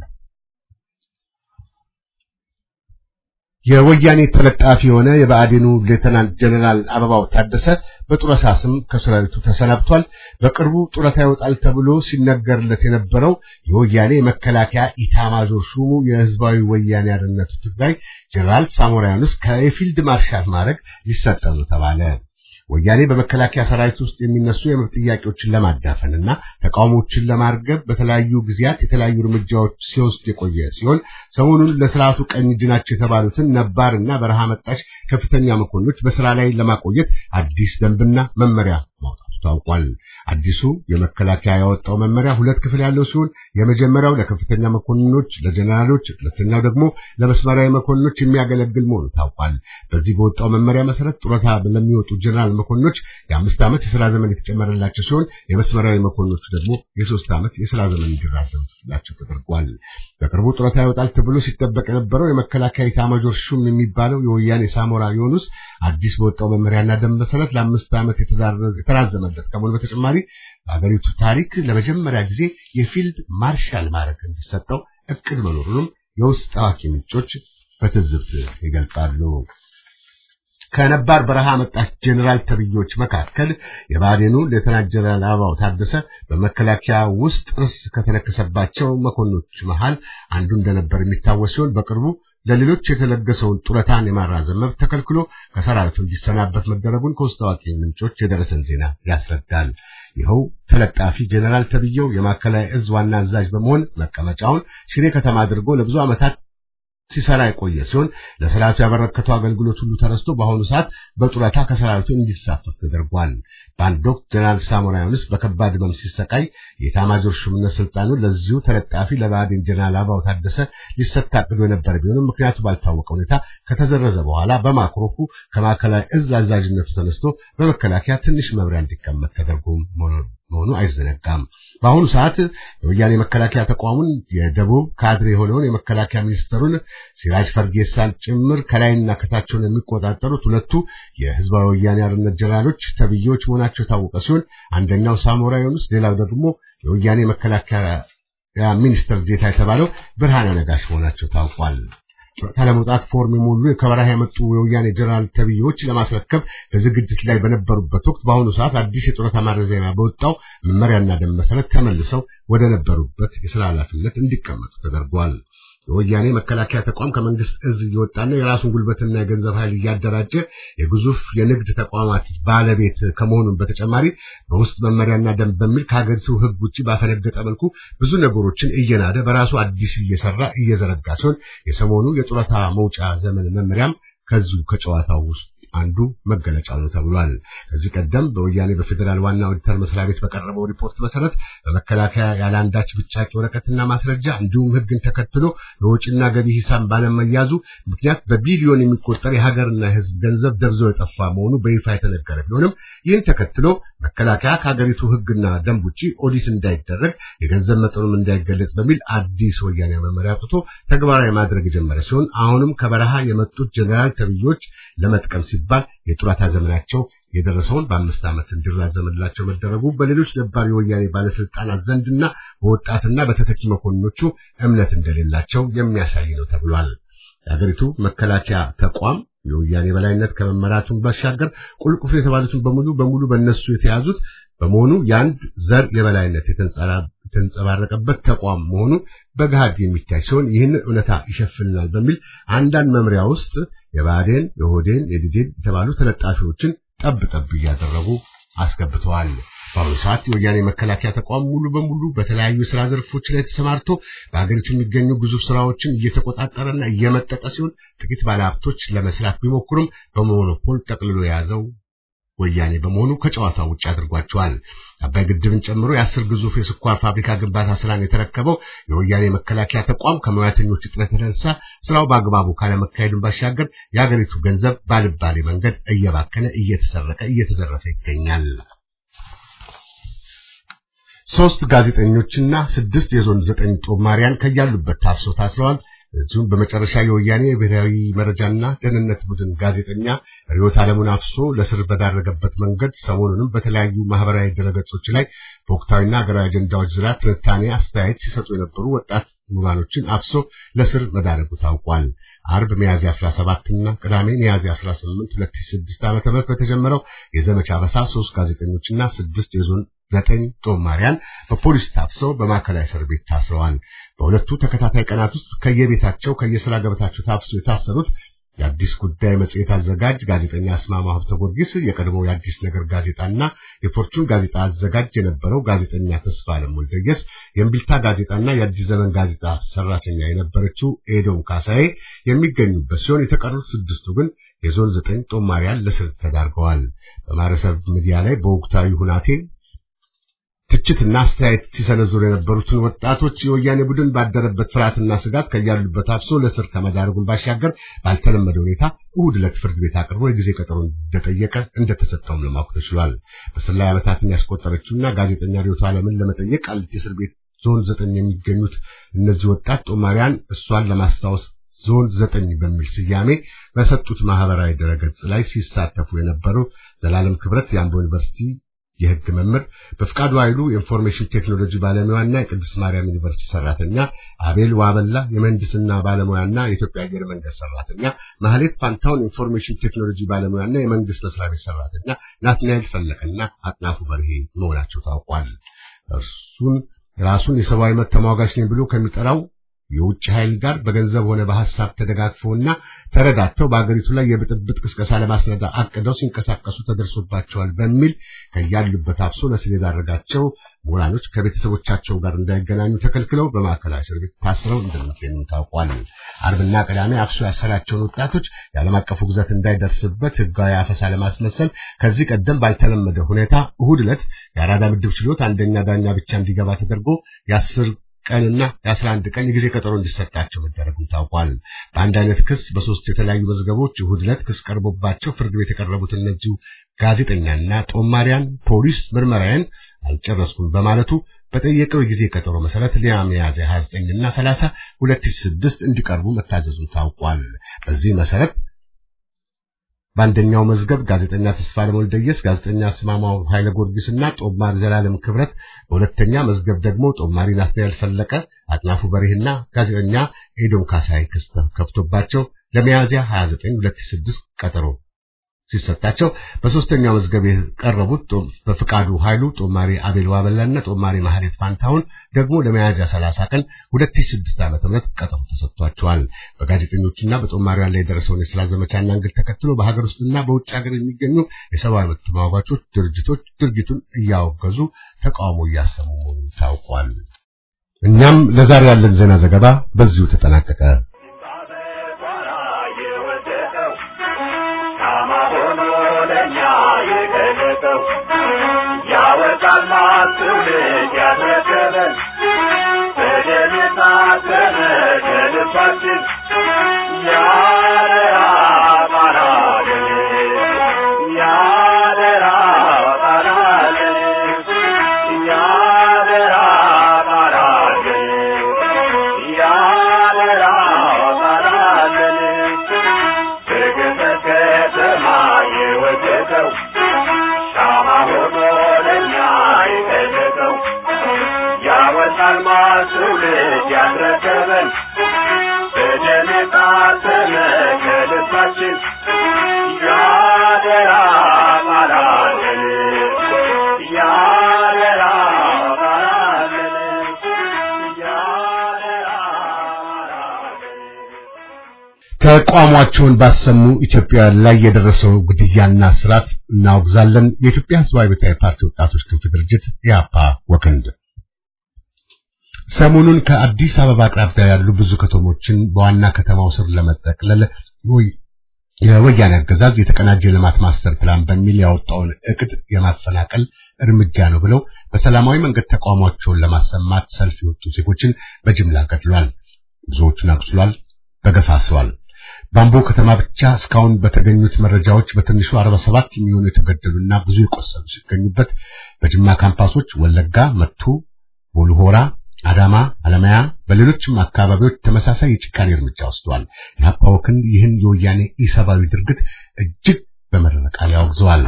የወያኔ ተለጣፊ የሆነ የብአዴኑ ሌተናንት ጀነራል አበባው ታደሰ በጡረታ ስም ከሰራዊቱ ተሰናብቷል። በቅርቡ ጡረታ ይወጣል ተብሎ ሲነገርለት የነበረው የወያኔ መከላከያ ኢታማዦር ሹሙ የህዝባዊ ወያኔ አርነቱ ትግራይ ጀነራል ሳሞራ ዩኑስ ከፊልድ ማርሻል ማዕረግ ሊሰጠሉ ተባለ። ወያኔ በመከላከያ ሰራዊት ውስጥ የሚነሱ የመብት ጥያቄዎችን ለማዳፈንና ተቃውሞችን ለማርገብ በተለያዩ ጊዜያት የተለያዩ እርምጃዎች ሲወስድ የቆየ ሲሆን ሰሞኑን ለስርዓቱ ቀኝ እጅ ናቸው የተባሉትን ነባርና በረሃ መጣሽ ከፍተኛ መኮንኖች በስራ ላይ ለማቆየት አዲስ ደንብና መመሪያ ማውጣት ታውቋል። አዲሱ የመከላከያ ያወጣው መመሪያ ሁለት ክፍል ያለው ሲሆን የመጀመሪያው ለከፍተኛ መኮንኖች፣ ለጀነራሎች፣ ሁለተኛው ደግሞ ለመስመራዊ መኮንኖች የሚያገለግል መሆኑ ታውቋል። በዚህ በወጣው መመሪያ መሰረት ጡረታ ለሚወጡ ጀነራል መኮንኖች የአምስት ዓመት የሥራ ዘመን የተጨመረላቸው ሲሆን የመስመራዊ መኮንኖቹ ደግሞ የሶስት ዓመት የሥራ ዘመን እንዲራዘምላቸው ተደርጓል። በቅርቡ ጡረታ ይወጣል ተብሎ ሲጠበቅ የነበረው የመከላከያ ኢታማዦር ሹም የሚባለው የወያኔ ሳሞራ ዮኑስ አዲስ በወጣው መመሪያና ደንብ መሰረት ለአምስት ዓመት የተራዘመ ነበር። ከሞል በተጨማሪ በሀገሪቱ ታሪክ ለመጀመሪያ ጊዜ የፊልድ ማርሻል ማዕረግ እንዲሰጠው እቅድ መኖሩንም የውስጥ አዋቂ ምንጮች በትዝብት ይገልጻሉ። ከነባር በረሃ መጣች ጄኔራል ተብዮች መካከል የባዴኑ ሌተና ጄኔራል አበባው ታደሰ በመከላከያ ውስጥ እርስ ከተነከሰባቸው መኮንኖች መሃል አንዱ እንደነበር የሚታወስ ሲሆን በቅርቡ ለሌሎች የተለገሰውን ጡረታን የማራዘም መብት ተከልክሎ ከሰራዊቱ እንዲሰናበት መደረጉን ከውስጥ አዋቂ ምንጮች የደረሰን ዜና ያስረዳል። ይኸው ተለጣፊ ጀነራል ተብየው የማዕከላዊ እዝ ዋና አዛዥ በመሆን መቀመጫውን ሽሬ ከተማ አድርጎ ለብዙ ዓመታት ሲሰራ የቆየ ሲሆን ለሰራዊቱ ያበረከተው አገልግሎት ሁሉ ተረስቶ በአሁኑ ሰዓት በጡረታ ከሰራዊቱ እንዲሳተፍ ተደርጓል። በአንድ ወቅት ጀነራል ሳሞራ ዮኑስ በከባድ ሕመም ሲሰቃይ የኢታማዦር ሹምነት ስልጣኑ ለዚሁ ተለጣፊ ለብአዴን ጀነራል አባው ታደሰ ሊሰጥ ታቅዶ የነበረ ቢሆንም ምክንያቱ ባልታወቀ ሁኔታ ከተዘረዘ በኋላ በማክሮኩ ከማዕከላዊ እዝ አዛዥነቱ ተነስቶ በመከላከያ ትንሽ መምሪያ እንዲቀመጥ ተደርጎ መሆኑ መሆኑ አይዘነጋም። በአሁኑ ሰዓት የወያኔ መከላከያ ተቋሙን የደቡብ ካድሬ የሆነውን የመከላከያ ሚኒስትሩን ሲራጅ ፈርጌሳን ጭምር ከላይና ከታቸውን የሚቆጣጠሩት ሁለቱ የህዝባዊ ወያኔ አርነት ጀነራሎች ተብዬዎች መሆናቸው የታወቀ ሲሆን አንደኛው ሳሞራ ዩኑስ፣ ሌላው ደግሞ የወያኔ መከላከያ ሚኒስትር ዴታ የተባለው ብርሃነ ነጋሽ መሆናቸው ታውቋል። ከለመውጣት ለመውጣት ፎርም የሞሉ ከበረሃ የመጡ የወያኔ ጀነራል ተብዮች ለማስረከብ በዝግጅት ላይ በነበሩበት ወቅት በአሁኑ ሰዓት አዲስ የጡረታ ዜና በወጣው መመሪያና ደንብ መሰረት ተመልሰው ወደ ነበሩበት የስራ ኃላፊነት እንዲቀመጡ ተደርጓል። የወያኔ መከላከያ ተቋም ከመንግስት እዝ እየወጣና የራሱን ጉልበትና የገንዘብ ኃይል እያደራጀ የግዙፍ የንግድ ተቋማት ባለቤት ከመሆኑን በተጨማሪ በውስጥ መመሪያና ደንብ በሚል ከሀገሪቱ ህግ ውጭ ባፈነገጠ መልኩ ብዙ ነገሮችን እየናደ በራሱ አዲስ እየሰራ እየዘረጋ ሲሆን የሰሞኑ የጡረታ መውጫ ዘመን መመሪያም ከዚሁ ከጨዋታው ውስጥ አንዱ መገለጫ ነው ተብሏል። ከዚህ ቀደም በወያኔ በፌዴራል ዋና ኦዲተር መስሪያ ቤት በቀረበው ሪፖርት መሰረት በመከላከያ ያለአንዳች ብጫቂ ወረቀትና ማስረጃ እንዲሁም ሕግን ተከትሎ የወጪና ገቢ ሂሳብ ባለመያዙ ምክንያት በቢሊዮን የሚቆጠር የሀገርና የሕዝብ ገንዘብ ደርዞ የጠፋ መሆኑ በይፋ የተነገረ ቢሆንም ይህን ተከትሎ መከላከያ ከሀገሪቱ ሕግና ደንብ ውጭ ኦዲት እንዳይደረግ የገንዘብ መጠኑም እንዳይገለጽ በሚል አዲስ ወያኔ መመሪያ አውጥቶ ተግባራዊ ማድረግ የጀመረ ሲሆን አሁንም ከበረሃ የመጡት ጀኔራል ተብዮች ለመጥቀም ሲባል የጡረታ ዘመናቸው የደረሰውን በአምስት ዓመት እንዲራዘምላቸው መደረጉ በሌሎች ነባር የወያኔ ባለስልጣናት ዘንድና በወጣትና በተተኪ መኮንኖቹ እምነት እንደሌላቸው የሚያሳይ ነው ተብሏል። የአገሪቱ መከላከያ ተቋም የወያኔ በላይነት ከመመራቱን ባሻገር ቁልቁፍ የተባሉትን በሙሉ በሙሉ በእነሱ የተያዙት በመሆኑ የአንድ ዘር የበላይነት የተንጸባረቀበት ተቋም መሆኑ በገሃድ የሚታይ ሲሆን ይህን እውነታ ይሸፍናል በሚል አንዳንድ መምሪያ ውስጥ የባዴን፣ የሆዴን የድዴን የተባሉ ተለጣፊዎችን ጠብ ጠብ እያደረጉ አስገብተዋል። በአሁኑ ሰዓት የወያኔ መከላከያ ተቋም ሙሉ በሙሉ በተለያዩ የስራ ዘርፎች ላይ ተሰማርቶ በሀገሪቱ የሚገኙ ግዙፍ ስራዎችን እየተቆጣጠረና እየመጠጠ ሲሆን ጥቂት ባለሀብቶች ለመስራት ቢሞክሩም በሞኖፖል ጠቅልሎ የያዘው ወያኔ በመሆኑ ከጨዋታ ውጭ አድርጓቸዋል። አባይ ግድብን ጨምሮ የአስር ግዙፍ የስኳር ፋብሪካ ግንባታ ስራን የተረከበው የወያኔ መከላከያ ተቋም ከሙያተኞች እጥረት የተነሳ ስራው በአግባቡ ካለመካሄዱን ባሻገር የአገሪቱ ገንዘብ ባልባሌ መንገድ እየባከነ እየተሰረቀ፣ እየተዘረፈ ይገኛል። ሶስት ጋዜጠኞችና ስድስት የዞን ዘጠኝ ጦማሪያን ከያሉበት ታፍሶ ታስረዋል። እዚሁም በመጨረሻ የወያኔ የብሔራዊ መረጃና ደህንነት ቡድን ጋዜጠኛ ሪዮት አለሙን አፍሶ ለስር በዳረገበት መንገድ ሰሞኑንም በተለያዩ ማህበራዊ ድረገጾች ላይ በወቅታዊና ሀገራዊ አጀንዳዎች ዙሪያ ትንታኔ፣ አስተያየት ሲሰጡ የነበሩ ወጣት ምሁራኖችን አፍሶ ለስር መዳረጉ ታውቋል። አርብ ሚያዝያ 17 እና ቅዳሜ ሚያዝያ 18 2006 ዓ.ም በተጀመረው የዘመቻ በሳ ሶስት ጋዜጠኞችና ስድስት የዞን ዘጠኝ ጦማሪያን በፖሊስ ታፍሰው በማዕከላዊ እስር ቤት ታስረዋል። በሁለቱ ተከታታይ ቀናት ውስጥ ከየቤታቸው ከየስራ ገበታቸው ታፍሰው የታሰሩት የአዲስ ጉዳይ መጽሔት አዘጋጅ ጋዜጠኛ አስማማ ሀብተ ጎርጊስ የቀድሞ የአዲስ ነገር ጋዜጣና የፎርቹን ጋዜጣ አዘጋጅ የነበረው ጋዜጠኛ ተስፋለም ወልደየስ፣ የእምቢልታ ጋዜጣና የአዲስ ዘመን ጋዜጣ ሰራተኛ የነበረችው ኤዶን ካሳዬ የሚገኙበት ሲሆን የተቀሩት ስድስቱ ግን የዞን ዘጠኝ ጦማሪያን ለስር ተዳርገዋል። በማረሰብ ሚዲያ ላይ በወቅታዊ ሁናቴ ትችትና አስተያየት ሲሰነዝሩ የነበሩትን ወጣቶች የወያኔ ቡድን ባደረበት ፍርሃትና ስጋት ከያሉበት አፍሶ ለስር ከመዳረጉን ባሻገር ባልተለመደ ሁኔታ እሁድ ዕለት ፍርድ ቤት አቅርቦ የጊዜ ቀጠሮ እንደጠየቀ እንደተሰጠውም ለማወቅ ተችሏል። በስር ላይ ዓመታትን ያስቆጠረችውና ጋዜጠኛ ሪዮቱ ዓለምን ለመጠየቅ ቃሊቲ እስር ቤት ዞን ዘጠኝ የሚገኙት እነዚህ ወጣት ጦማሪያን እሷን ለማስታወስ ዞን ዘጠኝ በሚል ስያሜ በሰጡት ማህበራዊ ድረገጽ ላይ ሲሳተፉ የነበሩ ዘላለም ክብረት የአምቦ ዩኒቨርሲቲ የህግ መምህር በፍቃዱ ኃይሉ የኢንፎርሜሽን ቴክኖሎጂ ባለሙያና የቅድስት ማርያም ዩኒቨርሲቲ ሰራተኛ፣ አቤል ዋበላ የምህንድስና ባለሙያና የኢትዮጵያ አየር መንገድ ሰራተኛ፣ ማህሌት ፋንታውን የኢንፎርሜሽን ቴክኖሎጂ ባለሙያና የመንግስት መስሪያ ቤት ሰራተኛ፣ ናትናኤል ፈለቀና አጥናፉ በርሄ መሆናቸው ታውቋል። እርሱን ራሱን የሰብአዊ መብት ተሟጋች ነኝ ብሎ ከሚጠራው የውጭ ኃይል ጋር በገንዘብ ሆነ በሐሳብ ተደጋግፈውና ተረዳድተው በአገሪቱ ላይ የብጥብጥ ቅስቀሳ ለማስረዳ አቅደው ሲንቀሳቀሱ ተደርሶባቸዋል በሚል ከያሉበት አፍሶ ለስር የዳረጋቸው ምሁራኖች ከቤተሰቦቻቸው ጋር እንዳይገናኙ ተከልክለው በማዕከላዊ እስር ቤት ታስረው እንደሚገኙ ታውቋል። አርብና ቅዳሜ አፍሶ ያሰራቸውን ወጣቶች የዓለም አቀፉ ግዛት እንዳይደርስበት ህጋዊ አፈሳ ለማስመሰል ከዚህ ቀደም ባልተለመደ ሁኔታ እሁድ ዕለት የአራዳ ምድብ ችሎት አንደኛ ዳኛ ብቻ እንዲገባ ተደርጎ የአስር ቀንና የአስራ አንድ ቀን የጊዜ ቀጠሮ እንዲሰጣቸው መደረጉም ታውቋል። በአንድ አይነት ክስ በሶስት የተለያዩ መዝገቦች እሁድ ዕለት ክስ ቀርቦባቸው ፍርድ ቤት የቀረቡት እነዚሁ ጋዜጠኛና ጦማሪያን ፖሊስ ምርመራዬን አልጨረስኩም በማለቱ በጠየቀው የጊዜ ቀጠሮ መሰረት ለሚያዝያ 29 እና 30 2006 እንዲቀርቡ መታዘዙ ታውቋል። በዚህ መሰረት በአንደኛው መዝገብ ጋዜጠኛ ተስፋ ወልደየስ፣ ጋዜጠኛ አስማማው ኃይለ ጊዮርጊስና ጦማር ዘላለም ክብረት፣ በሁለተኛ መዝገብ ደግሞ ጦማሪ ናትናኤል ፈለቀ፣ አጥናፉ በሬህና ጋዜጠኛ ኤዶም ካሳይ ክስ ተከፍቶባቸው ለሚያዝያ 29 2006 ቀጠሮ ሲሰጣቸው በሶስተኛው መዝገብ የቀረቡት በፍቃዱ ኃይሉ፣ ጦማሪ አቤል ዋበላና ጦማሪ ማህሌት ፋንታውን ደግሞ ለመያዝያ 30 ቀን 2006 ዓ.ም ቀጠሮ ተሰጥቷቸዋል። በጋዜጠኞችና በጦማሪዋ ላይ የደረሰውን የስራ ዘመቻና እንግል ተከትሎ በሀገር ውስጥና በውጭ ሀገር የሚገኙ የሰብአዊ መብት ተሟጋቾች ድርጅቶች ድርጊቱን እያወገዙ ተቃውሞ እያሰሙ መሆኑን ታውቋል። እኛም ለዛሬ ያለን ዜና ዘገባ በዚሁ ተጠናቀቀ። ተመከበን በደመታ ተመከልባችን ተቋሟቸውን ባሰሙ ኢትዮጵያውያን ላይ የደረሰው ግድያና ስራት እናወግዛለን። የኢትዮጵያ ህዝባዊ ቤታዊ ፓርቲ ወጣቶች ክንፍ ድርጅት የአፓ ወክንድ ሰሞኑን ከአዲስ አበባ አቅራቢያ ያሉ ብዙ ከተሞችን በዋና ከተማው ስር ለመጠቅለል የወያኔ አገዛዝ የተቀናጀ ልማት ማስተር ፕላን በሚል ያወጣውን እቅድ የማፈናቀል እርምጃ ነው ብለው በሰላማዊ መንገድ ተቃውሟቸውን ለማሰማት ሰልፍ የወጡ ዜጎችን በጅምላ ገድሏል፣ ብዙዎቹን አቁስሏል፣ በገፋ አስሯል። ባምቦ ከተማ ብቻ እስካሁን በተገኙት መረጃዎች በትንሹ 47 የሚሆኑ የተገደሉና ብዙ የቆሰሉ ሲገኙበት በጅማ ካምፓሶች ወለጋ፣ መቱ፣ ቦልሆራ፣ አዳማ፣ አለማያ በሌሎችም አካባቢዎች ተመሳሳይ የጭካኔ እርምጃ ወስደዋል። የሀፓ ወክን ይህን የወያኔ ኢሰብአዊ ድርግት እጅግ በመረረ ቃል ያወግዘዋል።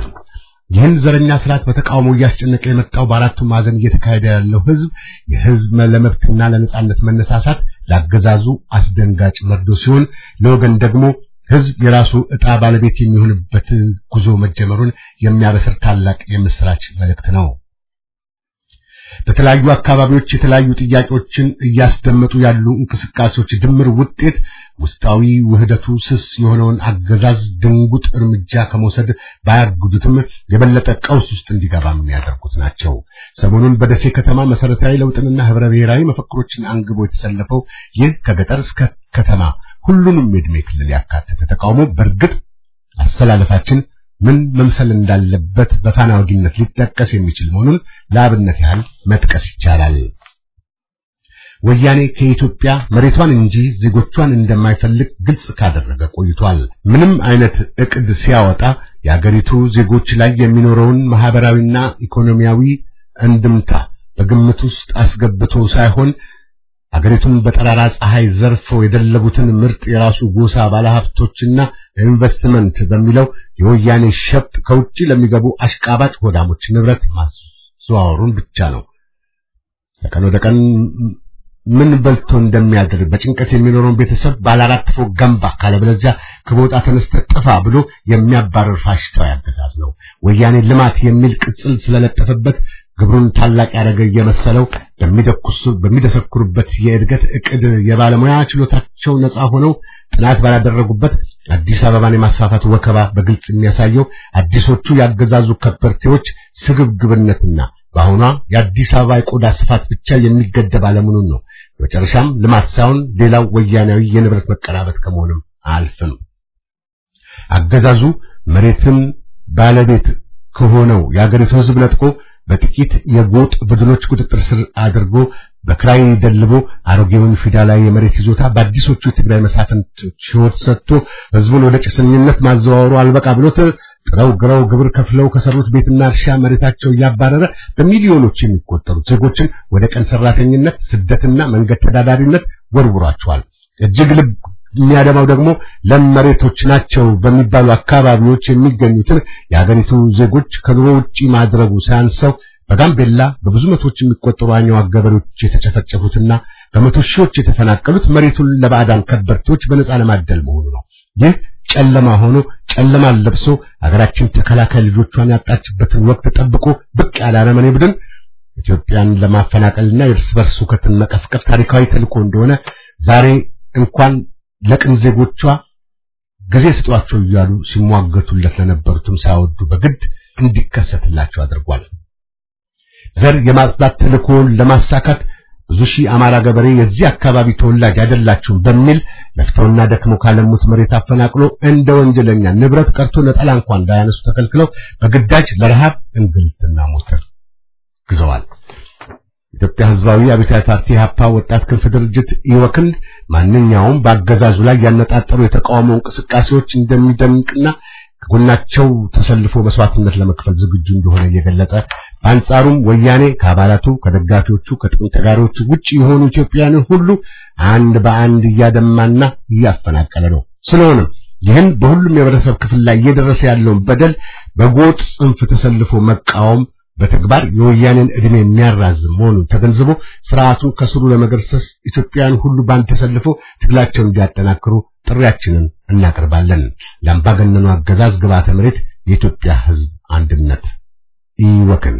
ይህን ዘረኛ ስርዓት በተቃውሞ እያስጨነቀ የመጣው በአራቱ ማዕዘን እየተካሄደ ያለው ህዝብ የህዝብ ለመብትና ለነጻነት መነሳሳት ለአገዛዙ አስደንጋጭ መርዶ ሲሆን ለወገን ደግሞ ህዝብ የራሱ እጣ ባለቤት የሚሆንበት ጉዞ መጀመሩን የሚያበስር ታላቅ የምስራች መልእክት ነው። በተለያዩ አካባቢዎች የተለያዩ ጥያቄዎችን እያስደመጡ ያሉ እንቅስቃሴዎች ድምር ውጤት ውስጣዊ ውህደቱ ስስ የሆነውን አገዛዝ ድንጉጥ እርምጃ ከመውሰድ ባያግዱትም የበለጠ ቀውስ ውስጥ እንዲገባ የሚያደርጉት ናቸው። ሰሞኑን በደሴ ከተማ መሰረታዊ ለውጥንና ህብረ ብሔራዊ መፈክሮችን አንግቦ የተሰለፈው ይህ ከገጠር እስከ ከተማ ሁሉንም የእድሜ ክልል ያካተተ ተቃውሞ በእርግጥ አሰላለፋችን ምን መምሰል እንዳለበት በፋና ወጊነት ሊጠቀስ የሚችል መሆኑን ለአብነት ያህል መጥቀስ ይቻላል። ወያኔ ከኢትዮጵያ መሬቷን እንጂ ዜጎቿን እንደማይፈልግ ግልጽ ካደረገ ቆይቷል። ምንም አይነት እቅድ ሲያወጣ የአገሪቱ ዜጎች ላይ የሚኖረውን ማህበራዊና ኢኮኖሚያዊ እንድምታ በግምት ውስጥ አስገብቶ ሳይሆን አገሪቱን በጠራራ ፀሐይ ዘርፈው የደለቡትን ምርጥ የራሱ ጎሳ ባለሀብቶችና ኢንቨስትመንት በሚለው የወያኔ ሸፍጥ ከውጪ ለሚገቡ አሽቃባጭ ሆዳሞች ንብረት ማዘዋወሩን ብቻ ነው። ከቀን ወደ ቀን ምን በልቶ እንደሚያድር በጭንቀት የሚኖረውን ቤተሰብ ባለአራት ፎቅ ገንባ ካለበለዚያ ከቦታ ተነስተህ ጥፋ ብሎ የሚያባርር ፋሽስታዊ አገዛዝ ነው። ወያኔ ልማት የሚል ቅጽል ስለለጠፈበት ግብሩን ታላቅ ያደረገ እየመሰለው በሚደሰክሩበት የእድገት እቅድ የባለሙያ ችሎታቸው ነፃ ሆነው ጥናት ባላደረጉበት አዲስ አበባን የማስፋፋት ወከባ በግልጽ የሚያሳየው አዲሶቹ ያገዛዙ ከበርቴዎች ስግብግብነትና በአሁኗ የአዲስ አበባ የቆዳ ስፋት ብቻ የሚገደብ አለመሆኑን ነው። መጨረሻም ልማት ሳይሆን ሌላው ወያናዊ የንብረት መቀራበት ከመሆንም አልፍም። አገዛዙ መሬትን ባለቤት ከሆነው የአገሪቱ ህዝብ ነጥቆ በጥቂት የጎጥ ቡድኖች ቁጥጥር ስር አድርጎ በክራይ ደልቦ አሮጌውን ፊውዳላዊ የመሬት ይዞታ በአዲሶቹ የትግራይ መሳፍንቶች ሕይወት ሰጥቶ ህዝቡን ወደ ጭሰኝነት ማዘዋወሩ አልበቃ ብሎት ጥረው ግረው ግብር ከፍለው ከሰሩት ቤትና እርሻ መሬታቸው እያባረረ በሚሊዮኖች የሚቆጠሩ ዜጎችን ወደ ቀን ሰራተኝነት፣ ስደትና መንገድ ተዳዳሪነት ወርውሯቸዋል። እጅግ ልብ የሚያደማው ደግሞ ለም መሬቶች ናቸው በሚባሉ አካባቢዎች የሚገኙትን የሀገሪቱ ዜጎች ከኑሮ ውጪ ማድረጉ ሳያንሰው በጋምቤላ በብዙ መቶዎች የሚቆጠሩ አኛው ገበሬዎች የተጨፈጨፉትና በመቶ ሺዎች የተፈናቀሉት መሬቱን ለባዕዳን ከበርቶች በነፃ ለማደል መሆኑ ነው። ይህ ጨለማ ሆኖ ጨለማን ለብሶ አገራችን ተከላካይ ልጆቿን ያጣችበትን ወቅት ጠብቆ ብቅ ያለ ቡድን ኢትዮጵያን ለማፈናቀልና የእርስ በርስ ሁከትን መቀፍቀፍ ታሪካዊ ተልኮ እንደሆነ ዛሬ እንኳን ለቅን ዜጎቿ ጊዜ ስጧቸው እያሉ ሲሟገቱለት ለነበሩትም ሳይወዱ በግድ እንዲከሰትላቸው አድርጓል። ዘር የማጽዳት ተልእኮውን ለማሳካት ብዙ ሺህ አማራ ገበሬ የዚህ አካባቢ ተወላጅ አይደላችሁም በሚል ለፍተውና ደክሞ ካለሙት መሬት አፈናቅሎ እንደ ወንጀለኛ ንብረት ቀርቶ ነጠላ እንኳን እንዳያነሱ ተከልክለው በግዳጅ ለረሃብ እንግልትና ሞተር ግዘዋል። ኢትዮጵያ ህዝባዊ አብዮታዊ ፓርቲ ሀፓ ወጣት ክንፍ ድርጅት ይወክል ማንኛውም በአገዛዙ ላይ ያነጣጠሩ የተቃውሞ እንቅስቃሴዎች እንደሚደምቅና ከጎናቸው ተሰልፎ መስዋዕትነት ለመክፈል ዝግጁ እንደሆነ እየገለጸ በአንጻሩም ወያኔ ከአባላቱ ከደጋፊዎቹ ከጥቅም ተጋሪዎቹ ውጭ የሆኑ ኢትዮጵያውያንን ሁሉ አንድ በአንድ እያደማና እያፈናቀለ ነው። ስለሆነም ይህን በሁሉም የህብረተሰብ ክፍል ላይ እየደረሰ ያለውን በደል በጎጥ ጽንፍ ተሰልፎ መቃወም በተግባር የወያኔን እድሜ የሚያራዝም መሆኑን ተገንዝቦ ስርዓቱን ከስሩ ለመገርሰስ ኢትዮጵያውያን ሁሉ ባንድ ተሰልፈው ትግላቸውን እንዲያጠናክሩ ጥሪያችንን እናቀርባለን። ለአምባገነኑ አገዛዝ ግባተ መሬት የኢትዮጵያ ህዝብ አንድነት ይወክል።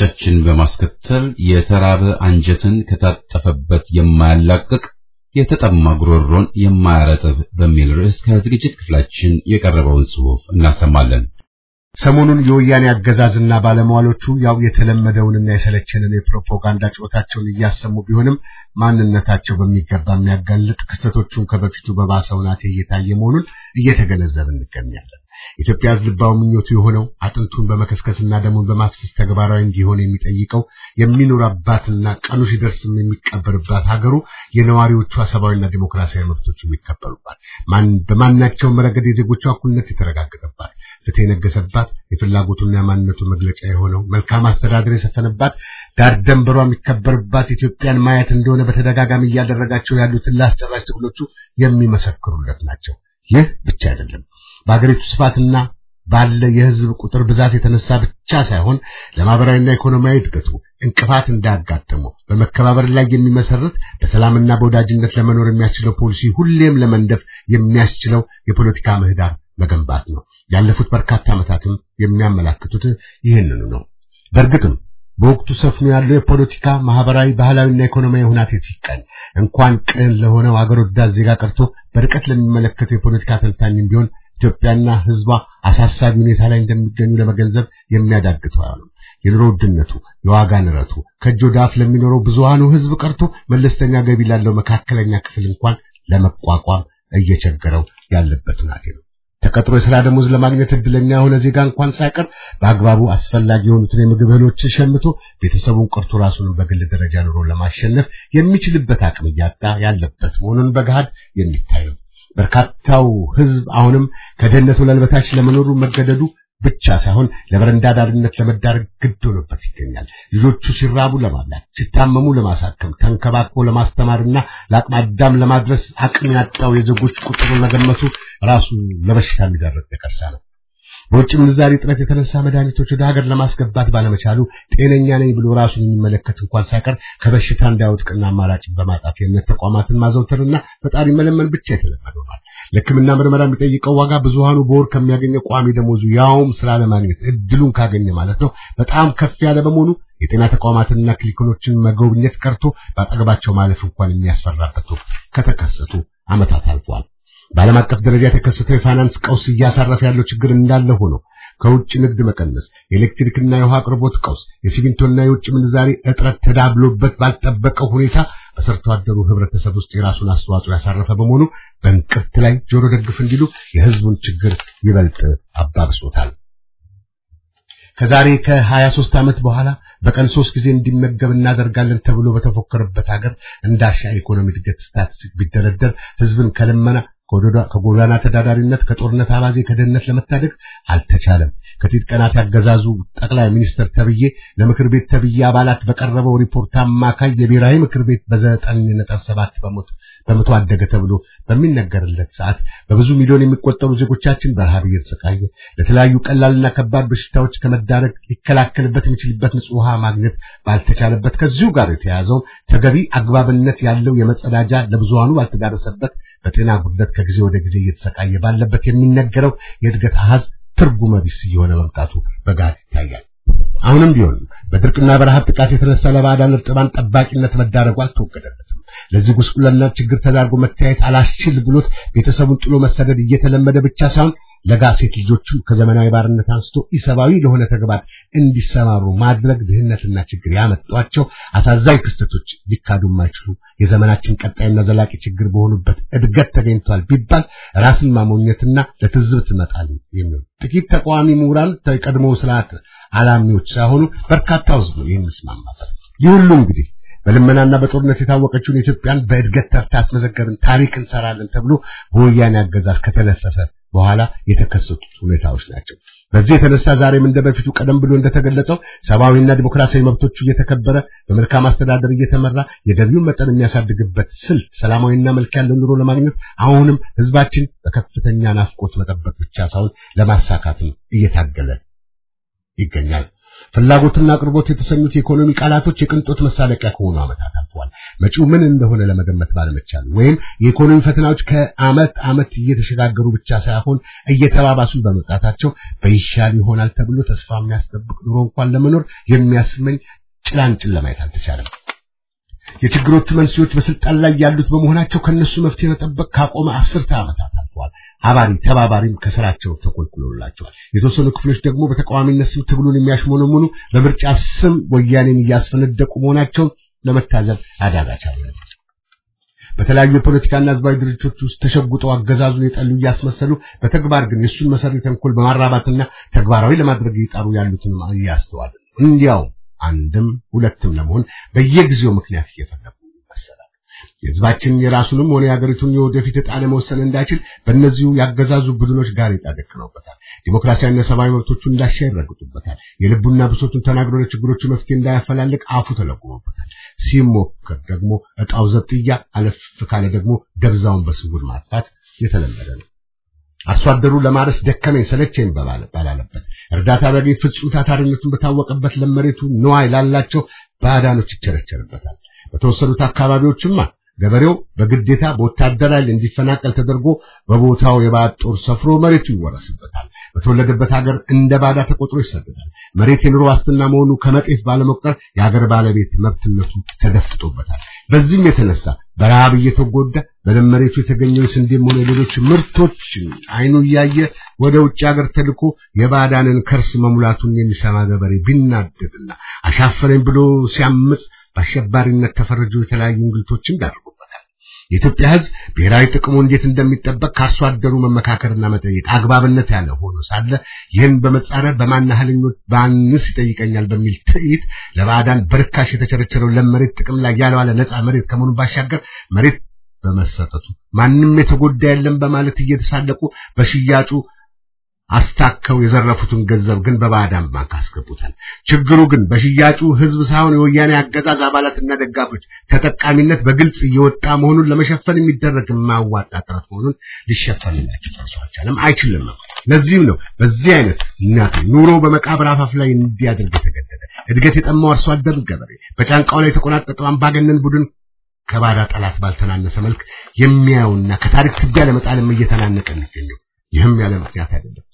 ምንጮቻችን በማስከተል የተራበ አንጀትን ከታጠፈበት የማያላቅቅ የተጠማ ጉሮሮን የማያረጥብ በሚል ርዕስ ከዝግጅት ክፍላችን የቀረበውን ጽሑፍ እናሰማለን። ሰሞኑን የወያኔ አገዛዝና ባለሟሎቹ ያው የተለመደውንና የሰለቸንን የፕሮፓጋንዳ ጨዋታቸውን እያሰሙ ቢሆንም ማንነታቸው በሚገባ የሚያጋልጥ ክስተቶቹን ከበፊቱ በባሰ ሁናቴ እየታየ መሆኑን እየተገነዘብን እንገኛለን። ኢትዮጵያ ዝልባው ምኞቱ የሆነው አጥንቱን በመከስከስና ደሙን በማፍሰስ ተግባራዊ እንዲሆን የሚጠይቀው የሚኖራባትና ቀኑ ሲደርስም የሚቀበርባት ሀገሩ የነዋሪዎቿ ሰብአዊና ዲሞክራሲያዊ መብቶች የሚከበሩባት፣ በማናቸው መረገድ የዜጎቿ እኩልነት የተረጋገጠባት፣ ፍትህ የነገሰባት፣ የፍላጎቱና የማንነቱ መግለጫ የሆነው መልካም አስተዳደር የሰፈነባት፣ ዳር ደንበሯ የሚከበርባት ኢትዮጵያን ማየት እንደሆነ በተደጋጋሚ እያደረጋቸው ያሉትን ለአስጨራሽ ትግሎቹ የሚመሰክሩለት ናቸው። ይህ ብቻ አይደለም። በአገሪቱ ስፋትና ባለ የህዝብ ቁጥር ብዛት የተነሳ ብቻ ሳይሆን ለማህበራዊና ኢኮኖሚያዊ እድገቱ እንቅፋት እንዳያጋጥመው በመከባበር ላይ የሚመሰረት በሰላምና በወዳጅነት ለመኖር የሚያስችለው ፖሊሲ ሁሌም ለመንደፍ የሚያስችለው የፖለቲካ ምህዳር መገንባት ነው። ያለፉት በርካታ ዓመታትም የሚያመላክቱት ይህንኑ ነው። በእርግጥም በወቅቱ ሰፍኖ ያለው የፖለቲካ ማህበራዊ፣ ባህላዊና ኢኮኖሚያዊ ሁናቴ ሲቀን እንኳን ቅን ለሆነው አገር ወዳድ ዜጋ ቀርቶ በርቀት ለሚመለከተው የፖለቲካ ተንታኝም ቢሆን ኢትዮጵያና ህዝቧ አሳሳቢ ሁኔታ ላይ እንደሚገኙ ለመገንዘብ የሚያዳግተው የኑሮ ውድነቱ፣ የዋጋ ንረቱ ከእጅ ለሚኖረው ብዙሃኑ ሕዝብ ቀርቶ መለስተኛ ገቢ ላለው መካከለኛ ክፍል እንኳን ለመቋቋም እየቸገረው ያለበት ሁናቴ ነው። ተቀጥሮ የሥራ ደሞዝ ለማግኘት እድለኛ የሆነ ዜጋ እንኳን ሳይቀር በአግባቡ አስፈላጊ የሆኑትን የምግብ እህሎችን ሸምቶ ቤተሰቡን ቀርቶ ራሱን በግል ደረጃ ኑሮ ለማሸነፍ የሚችልበት አቅም እያጣ ያለበት መሆኑን በገሃድ የሚታየው በርካታው ህዝብ አሁንም ከድህነት ወለል በታች ለመኖሩ መገደዱ ብቻ ሳይሆን ለበረንዳ ዳርነት ለመዳረግ ግድ ሆኖበት ይገኛል። ልጆቹ ሲራቡ ለማብላት፣ ሲታመሙ ለማሳከም፣ ተንከባክቦ ለማስተማርና ለአቅመ አዳም ለማድረስ አቅም ያጣው የዜጎች ቁጥሩ መገመቱ ራሱ ለበሽታ የሚዳረግ ተቀሳ ነው። በውጭ ምንዛሪ እጥረት የተነሳ መድኃኒቶች ወደ ሀገር ለማስገባት ባለመቻሉ ጤነኛ ነኝ ብሎ ራሱን የሚመለከት እንኳን ሳይቀር ከበሽታ እንዳይወድቅና አማራጭ በማጣት የእምነት ተቋማትን ማዘውተርና ፈጣሪ መለመን ብቻ የተለመደ ሆኗል። ለሕክምና ምርመራ የሚጠይቀው ዋጋ ብዙሃኑ በወር ከሚያገኘው ቋሚ ደሞዙ ያውም ስራ ለማግኘት እድሉን ካገኘ ማለት ነው በጣም ከፍ ያለ በመሆኑ የጤና ተቋማትንና ክሊኒኮችን መጎብኘት ቀርቶ በአጠገባቸው ማለፍ እንኳን የሚያስፈራበት ከተከሰቱ ዓመታት አልፏል። በዓለም አቀፍ ደረጃ የተከሰተው የፋይናንስ ቀውስ እያሳረፈ ያለው ችግር እንዳለ ሆኖ ከውጭ ንግድ መቀነስ፣ የኤሌክትሪክና የውሃ አቅርቦት ቀውስ፣ የሲሚንቶና የውጭ ምንዛሪ እጥረት ተዳብሎበት ባልጠበቀው ሁኔታ በሰርቶ አደሩ ህብረተሰብ ውስጥ የራሱን አስተዋጽኦ ያሳረፈ በመሆኑ በእንቅርት ላይ ጆሮ ደግፍ እንዲሉ የህዝቡን ችግር ይበልጥ አባብሶታል። ከዛሬ ከ23 ዓመት በኋላ በቀን ሶስት ጊዜ እንዲመገብ እናደርጋለን ተብሎ በተፎከረበት ሀገር እንዳሻ ኢኮኖሚ እድገት ስታትስቲክ ቢደረደር ህዝብን ከልመና ከጎዳና ተዳዳሪነት፣ ከጦርነት አባዜ፣ ከደህንነት ለመታደግ አልተቻለም። ከጥቂት ቀናት ያገዛዙ ጠቅላይ ሚኒስትር ተብዬ ለምክር ቤት ተብዬ አባላት በቀረበው ሪፖርት አማካይ የብሔራዊ ምክር ቤት በዘጠኝ ነጥብ ሰባት በመቶ ተምቶ አደገ ተብሎ በሚነገርለት ሰዓት በብዙ ሚሊዮን የሚቆጠሩ ዜጎቻችን በረሃብ እየተሰቃየ ለተለያዩ ቀላልና ከባድ በሽታዎች ከመዳረግ ሊከላከልበት የሚችልበት ንጹህ ውሃ ማግኘት ባልተቻለበት ከዚሁ ጋር የተያዘው ተገቢ አግባብነት ያለው የመጸዳጃ ለብዙሃኑ ባልተዳረሰበት በጤና ጉድለት ከጊዜ ወደ ጊዜ እየተሰቃየ ባለበት የሚነገረው የእድገት አሃዝ ትርጉመ ቢስ እየሆነ መምጣቱ በጋር ይታያል። አሁንም ቢሆን በድርቅና በረሃብ ጥቃት የተነሳ ለባዕዳን እርጥባን ጠባቂነት መዳረጉ አልተወገደለት። ለዚህ ጉስቁልና ችግር ተዳርጎ መታየት አላስችል ብሎት ቤተሰቡን ጥሎ መሰደድ እየተለመደ ብቻ ሳይሆን ለጋሴት ልጆቹ ከዘመናዊ ባርነት አንስቶ ኢሰብአዊ ለሆነ ተግባር እንዲሰማሩ ማድረግ ድህነትና ችግር ያመጧቸው አሳዛኝ ክስተቶች ሊካዱ የማይችሉ የዘመናችን ቀጣይና ዘላቂ ችግር በሆኑበት እድገት ተገኝቷል ቢባል ራስን ማሞኘትና ለትዝብት መጣል የሚሆን ጥቂት ተቃዋሚ ምሁራን ተቀድሞ ስርዓት አላሚዎች ሳይሆኑ በርካታ ህዝብ ነው የሚስማማበት ይህ ሁሉ እንግዲህ በልመናና በጦርነት የታወቀችውን ኢትዮጵያን በእድገት ተርታ ያስመዘገብን ታሪክ እንሰራለን ተብሎ በወያኔ አገዛዝ ከተነሰፈ በኋላ የተከሰቱት ሁኔታዎች ናቸው። በዚህ የተነሳ ዛሬም እንደበፊቱ ቀደም ብሎ እንደተገለጸው ሰብአዊና ዲሞክራሲያዊ መብቶቹ እየተከበረ በመልካም አስተዳደር እየተመራ የገቢውን መጠን የሚያሳድግበት ስልት ሰላማዊና መልክ ያለው ኑሮ ለማግኘት አሁንም ህዝባችን በከፍተኛ ናፍቆት መጠበቅ ብቻ ሳይሆን ለማሳካትም እየታገለ ይገኛል። ፍላጎትና አቅርቦት የተሰኙት የኢኮኖሚ ቃላቶች የቅንጦት መሳለቂያ ከሆኑ ዓመታት አልፈዋል። መጪው ምን እንደሆነ ለመገመት ባለመቻል ወይም የኢኮኖሚ ፈተናዎች ከዓመት ዓመት እየተሸጋገሩ ብቻ ሳይሆን እየተባባሱ በመምጣታቸው በይሻል ይሆናል ተብሎ ተስፋ የሚያስጠብቅ ኑሮ እንኳን ለመኖር የሚያስመኝ ጭላንጭል ለማየት አልተቻለም። የችግሮቹ መንስኤዎች በስልጣን ላይ ያሉት በመሆናቸው ከነሱ መፍትሄ መጠበቅ ካቆመ አስርተ ዓመታት አልፈዋል። አባሪ ተባባሪም ከስራቸው ተኮልኩሎላቸዋል። የተወሰኑ ክፍሎች ደግሞ በተቃዋሚነት ስም ትግሉን የሚያሽሞነሙኑ በምርጫ ስም ወያኔን እያስፈነደቁ መሆናቸው ለመታዘብ አዳጋች ነው። በተለያዩ የፖለቲካና ህዝባዊ ድርጅቶች ውስጥ ተሸጉጠው አገዛዙን የጠሉ እያስመሰሉ በተግባር ግን የእሱን መሰሪ ተንኮል በማራባትና ተግባራዊ ለማድረግ እየጣሩ ያሉትን እያስተዋል እንዲያውም አንድም ሁለትም ለመሆን በየጊዜው ምክንያት እየፈለጉ ይመሰላል። የህዝባችን የራሱንም ሆነ የሀገሪቱን የወደፊት እጣ ለመወሰን እንዳይችል በእነዚሁ ያገዛዙ ቡድኖች ጋሬጣ ደቅነውበታል። ዲሞክራሲያዊና ሰብአዊ መብቶቹን እንዳሻ ይረግጡበታል። የልቡና ብሶቱን ተናግሮ ለችግሮቹ መፍትሄ እንዳያፈላልቅ አፉ ተለጉሞበታል። ሲሞከር ደግሞ እጣው ዘብጥያ፣ አለፍ ካለ ደግሞ ደብዛውን በስውር ማጥፋት የተለመደ ነው። አርሶ አደሩ ለማረስ ደከመኝ ሰለቸኝ ባላለበት እርዳታ በግ ፍጹም ታታሪነቱን በታወቀበት ለመሬቱ ንዋይ ላላቸው ባዳኖች ይቸረቸርበታል። በተወሰኑት አካባቢዎችማ ገበሬው በግዴታ በወታደር እንዲፈናቀል ተደርጎ በቦታው የባዕድ ጦር ሰፍሮ መሬቱ ይወረስበታል። በተወለደበት ሀገር እንደ ባዳ ተቆጥሮ ይሰደዳል። መሬት የኑሮ ዋስትና መሆኑ ከመጤፍ ባለመቁጠር የሀገር ባለቤት መብትነቱ ተደፍጦበታል። በዚህም የተነሳ በረሃብ እየተጎዳ በደመሬቱ የተገኘው ስንዴም ሆነ ሌሎች ምርቶች አይኑ እያየ ወደ ውጭ ሀገር ተልኮ የባዳንን ከርስ መሙላቱን የሚሰማ ገበሬ ቢናደድና አሻፈረኝ ብሎ ሲያምጽ በአሸባሪነት ተፈረጁ የተለያዩ እንግልቶችም ዳርጎታል። የኢትዮጵያ ህዝብ ብሔራዊ ጥቅሙ እንዴት እንደሚጠበቅ ካርሶ አደሩ መመካከርና መጠየቅ አግባብነት ያለ ሆኖ ሳለ ይህን በመጻረር በማናህልኞች በአንስ ይጠይቀኛል በሚል ትዕይት ለባዕዳን በርካሽ የተቸረቸረው ለመሬት ጥቅም ላይ ያልዋለ ነፃ መሬት ከመሆኑ ባሻገር መሬት በመሰጠቱ ማንም የተጎዳ የለም በማለት እየተሳለቁ በሽያጩ አስታከው የዘረፉትን ገንዘብ ግን በባዳም ባንክ አስገቡታል። ችግሩ ግን በሽያጩ ህዝብ ሳይሆን የወያኔ አገዛዝ አባላትና ደጋፊዎች ተጠቃሚነት በግልጽ እየወጣ መሆኑን ለመሸፈን የሚደረግ የማያዋጣ ጥረት መሆኑን ሊሸፈንላቸው ተርሰው አልቻለም፣ አይችልም። ለዚህም ነው በዚህ አይነት እናቱ ኑሮ በመቃብር አፋፍ ላይ እንዲያደርግ የተገደደ እድገት የጠማው አርሶ አደር ገበሬ በጫንቃው ላይ የተቆናጠጠው አምባገነን ቡድን ከባዳ ጠላት ባልተናነሰ መልክ የሚያዩና ከታሪክ ትቢያ ለመጣልም እየተናነቀ የሚገኘው ይህም ያለ ምክንያት አይደለም።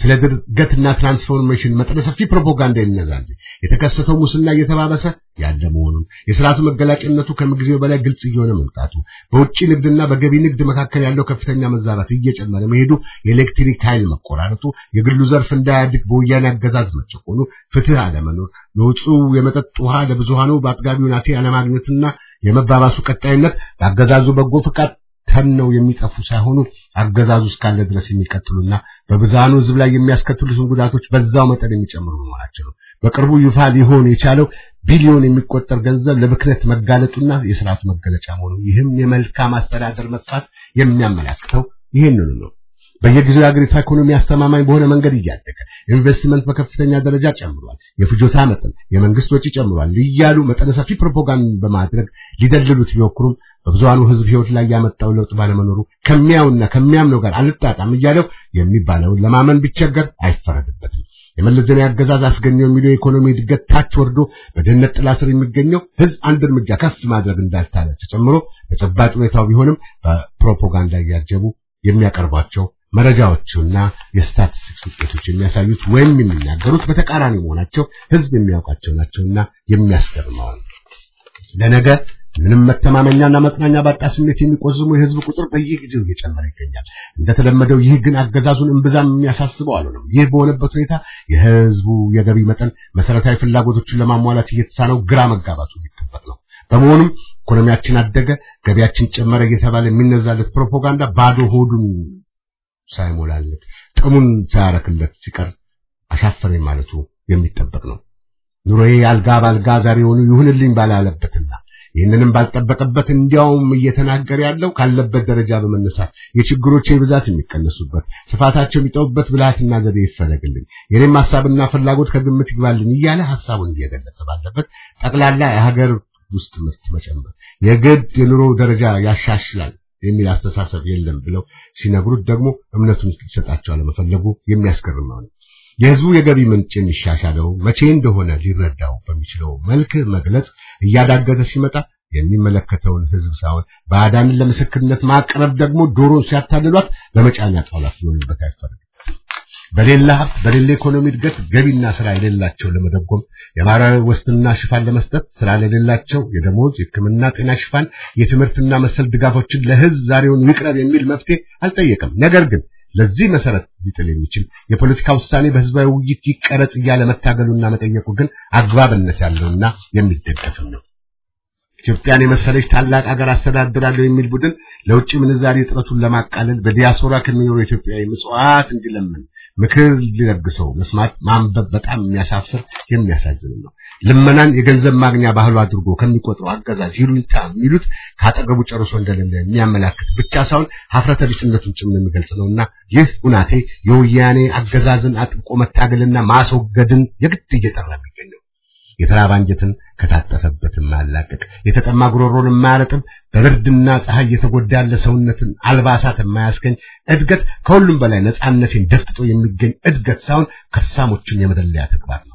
ስለ ድርገትና ትራንስፎርሜሽን መጠነ ሰፊ ፕሮፓጋንዳ ይነዛል። የተከሰተው ሙስና እየተባባሰ ያለ መሆኑን የስርዓቱ መገላጭነቱ ከምጊዜው በላይ ግልጽ እየሆነ መምጣቱ፣ በውጭ ንግድና በገቢ ንግድ መካከል ያለው ከፍተኛ መዛባት እየጨመረ መሄዱ፣ የኤሌክትሪክ ኃይል መቆራረጡ፣ የግሉ ዘርፍ እንዳያድግ በወያኔ አገዛዝ መጨቆኑ፣ ፍትህ አለመኖር፣ ንጹህ የመጠጥ ውሃ ለብዙሃኑ በአጥጋቢ ሁናቴ አለማግኘትና የመባባሱ ቀጣይነት በአገዛዙ በጎ ፍቃድ ተምነው የሚጠፉ ሳይሆኑ አገዛዙ እስካለ ድረስ የሚቀጥሉና በብዛኑ ህዝብ ላይ የሚያስከትሉትን ጉዳቶች በዛው መጠን የሚጨምሩ መሆናቸው ነው። በቅርቡ ይፋ ሊሆን የቻለው ቢሊዮን የሚቆጠር ገንዘብ ለብክነት መጋለጡና የስርዓቱ መገለጫ መሆኑ ይህም የመልካም አስተዳደር መጥፋት የሚያመላክተው ይህንኑ ነው። በየጊዜው የአገሪቷ ኢኮኖሚ አስተማማኝ በሆነ መንገድ እያደገ ኢንቨስትመንት በከፍተኛ ደረጃ ጨምሯል። የፍጆታ መጠን፣ የመንግስት ወጪ ጨምሯል እያሉ መጠነ ሰፊ ፕሮፓጋንዳ በማድረግ ሊደልሉት ቢሞክሩም በብዙሃኑ ህዝብ ህይወት ላይ ያመጣው ለውጥ ባለመኖሩ ከሚያውና ከሚያምነው ጋር አልጣጣም እያለው የሚባለውን ለማመን ቢቸገር አይፈረድበትም። የመለስ ዜናዊ አገዛዝ አስገኘው የሚለው የኢኮኖሚ እድገት ታች ወርዶ በድህነት ጥላ ስር የሚገኘው ህዝብ አንድ እርምጃ ከፍ ማድረግ እንዳልቻለ ተጨምሮ ተጨባጭ ሁኔታው ቢሆንም በፕሮፓጋንዳ እያጀቡ የሚያቀርቧቸው መረጃዎቹና የስታቲስቲክስ ውጤቶች የሚያሳዩት ወይም የሚናገሩት በተቃራኒ መሆናቸው ህዝብ የሚያውቃቸው ናቸውና የሚያስገርመው ለነገ ምንም መተማመኛና መጽናኛ ባጣ ስሜት የሚቆዝሙ የህዝብ ቁጥር በየጊዜው እየጨመረ ይገኛል። እንደተለመደው ይህ ግን አገዛዙን እንብዛም የሚያሳስበው ነው ይህ በሆነበት ሁኔታ የህዝቡ የገቢ መጠን መሰረታዊ ፍላጎቶችን ለማሟላት እየተሳነው ግራ መጋባቱ የሚጠበቅ ነው። በመሆኑም ኢኮኖሚያችን አደገ፣ ገቢያችን ጨመረ እየተባለ የሚነዛለት ፕሮፓጋንዳ ባዶ ሆዱን ሳይሞላለት ጥሙን ሳያረክለት ሲቀር አሻፈረኝ ማለቱ የሚጠበቅ ነው። ኑሮዬ አልጋ ባልጋ ሆኑ ይሁንልኝ ባላለበትና ይህንንም ባልጠበቀበት እንዲያውም እየተናገረ ያለው ካለበት ደረጃ በመነሳት የችግሮቼ ብዛት የሚቀነሱበት ስፋታቸው የሚጠውበት ብልሃትና ዘዴ ይፈለግልኝ፣ የኔም ሀሳብና ፍላጎት ከግምት ይግባልኝ እያለ ሐሳቡን እየገለጸ ባለበት ጠቅላላ የሀገር ውስጥ ምርት መጨመር የግድ የኑሮ ደረጃ ያሻሽላል የሚል አስተሳሰብ የለም ብለው ሲነግሩት ደግሞ እምነቱን ሊሰጣቸው አለመፈለጉ የሚያስገርም ነው። የህዝቡ የገቢ ምንጭ የሚሻሻለው መቼ እንደሆነ ሊረዳው በሚችለው መልክ መግለጽ እያዳገተ ሲመጣ የሚመለከተውን ህዝብ ሳይሆን ባዕዳንን ለምስክርነት ማቅረብ ደግሞ ዶሮን ሲያታልሏት በመጫኛ ጣውላ ትሆንበት አይፈርድም። በሌላ ሀብት በሌላ ኢኮኖሚ እድገት ገቢና ስራ የሌላቸው ለመደጎም የማህበራዊ ዋስትና ሽፋን ለመስጠት ስራ ለሌላቸው የደሞዝ የሕክምና ጤና ሽፋን የትምህርትና መሰል ድጋፎችን ለህዝብ ዛሬውን ይቅረብ የሚል መፍትሄ አልጠየቅም። ነገር ግን ለዚህ መሰረት ሊጥል የሚችል የፖለቲካ ውሳኔ በህዝባዊ ውይይት ይቀረጽ እያለ መታገሉና መጠየቁ ግን አግባብነት ያለውና የሚደገፍም ነው። ኢትዮጵያን የመሰለች ታላቅ ሀገር አስተዳድራለሁ የሚል ቡድን ለውጭ ምንዛሪ እጥረቱን ለማቃለል በዲያስፖራ ከሚኖሩ ኢትዮጵያዊ ምጽዋት እንዲለምን ምክር ሊለግሰው መስማት ማንበብ በጣም የሚያሳፍር የሚያሳዝን ነው። ልመናን የገንዘብ ማግኛ ባህሉ አድርጎ ከሚቆጥረው አገዛዝ ይሉኝታ የሚሉት ካጠገቡ ጨርሶ እንደሌለ የሚያመላክት ብቻ ሳይሆን ሀፍረተ ቢስነቱን ጭምር የሚገልጽ ነውና ይህ ሁናቴ የወያኔ አገዛዝን አጥብቆ መታገልና ማስወገድን የግድ እየጠራ የሚገኘው የተራበ አንጀትን ከታጠፈበት ማላቀቅ፣ የተጠማ ጉሮሮን ማለጥም፣ በብርድና ፀሐይ የተጎዳለ ሰውነትን አልባሳት የማያስገኝ እድገት፣ ከሁሉም በላይ ነፃነትን ደፍጥጦ የሚገኝ እድገት ሳይሆን ከሳሞችን የመደለያ ተግባር ነው።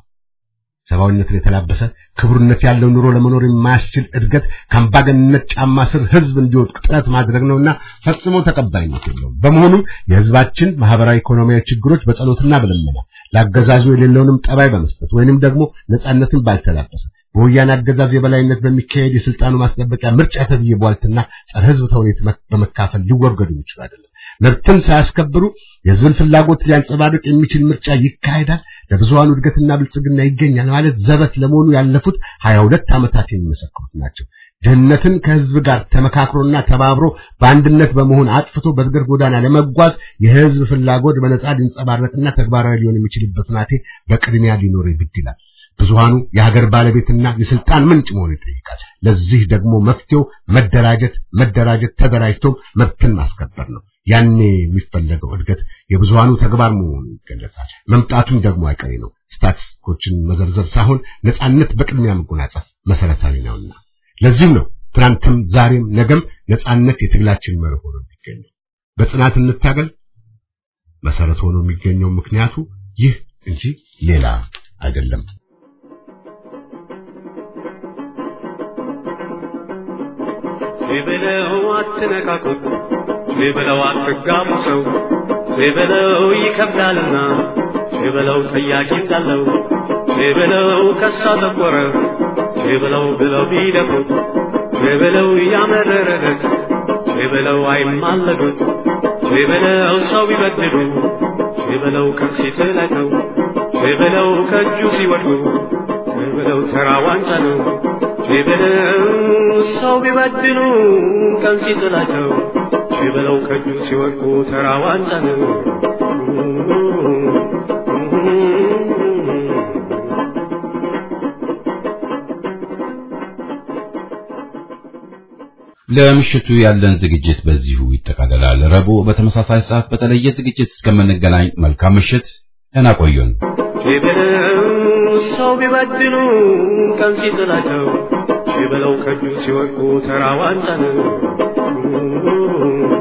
ሰብአዊነትን የተላበሰ ክብርነት ያለው ኑሮ ለመኖር የማያስችል እድገት ከአምባገንነት ጫማ ስር ህዝብ እንዲወድቅ ጥረት ማድረግ ነውና ፈጽሞ ተቀባይነት የለውም። በመሆኑም የህዝባችን ማህበራዊ፣ ኢኮኖሚያዊ ችግሮች በጸሎትና በልመና ለአገዛዙ የሌለውንም ጠባይ በመስጠት ወይንም ደግሞ ነጻነትን ባልተላበሰ በወያኔ አገዛዝ የበላይነት በሚካሄድ የስልጣኑ ማስጠበቂያ ምርጫ ተብዬ ቧልትና ጸረ ህዝብ ተውኔት በመካፈል ሊወገዱ ይችላል። መብትን ሳያስከብሩ የህዝብን ፍላጎት ሊያንጸባርቅ የሚችል ምርጫ ይካሄዳል፣ ለብዙሃኑ እድገትና ብልጽግና ይገኛል ማለት ዘበት ለመሆኑ ያለፉት 22 ሁለት ዓመታት የሚመሰክሩት ናቸው። ድህነትን ከህዝብ ጋር ተመካክሮና ተባብሮ በአንድነት በመሆን አጥፍቶ በእድገት ጎዳና ለመጓዝ የህዝብ ፍላጎት በነጻ ሊንጸባረቅና ተግባራዊ ሊሆን የሚችልበት ሁናቴ በቅድሚያ ሊኖር ግድ ይላል። ብዙሃኑ የሀገር ባለቤትና የስልጣን ምንጭ መሆኑ ይጠይቃል። ለዚህ ደግሞ መፍትሄው መደራጀት፣ መደራጀት ተደራጅቶም መብትን ማስከበር ነው። ያኔ የሚፈለገው እድገት የብዙሃኑ ተግባር መሆኑ ይገለጻል። መምጣቱም ደግሞ አይቀሬ ነው። ስታቲስቲኮችን መዘርዘር ሳይሆን ነፃነት በቅድሚያ መጎናጸፍ መሰረታዊ ነውና ለዚህም ነው ትናንትም ዛሬም ነገም ነፃነት የትግላችን መርህ ሆኖ የሚገኘው በጽናት እንታገል መሰረት ሆኖ የሚገኘው ምክንያቱ ይህ እንጂ ሌላ አይደለም። ይበለው አትነካኩት ሊበለው አትጋሙ ሰው ሊበለው ይከብዳልና ሊበለው ጠያቂ እንዳለው ሊበለው ከሳ ጠቆረ ሊበለው ብለው ቢደፍሩት ሊበለው ያመረረለት ሊበለው አይማለዱት ሊበለው ሰው ቢበድሉ ሊበለው ቀን ሲጥለቀው ሊበለው ከእጁ ሲወድቁ ሊበለው ተራ ዋንጫ ነው ሊበለው ሰው ቢበድሉ ቀን ሲጥለቀው ሲበለው ከእጁ ሲወድቁ ተራው ለምሽቱ ያለን ዝግጅት በዚሁ ይጠቃለላል። ረቡዕ በተመሳሳይ ሰዓት በተለየ ዝግጅት እስከምንገናኝ መልካም ምሽት፣ ደህና ቆዩን። ሰው ቢበድሉ ቀን ሲጥላቸው ከእጁ ሲወድቁ Oh,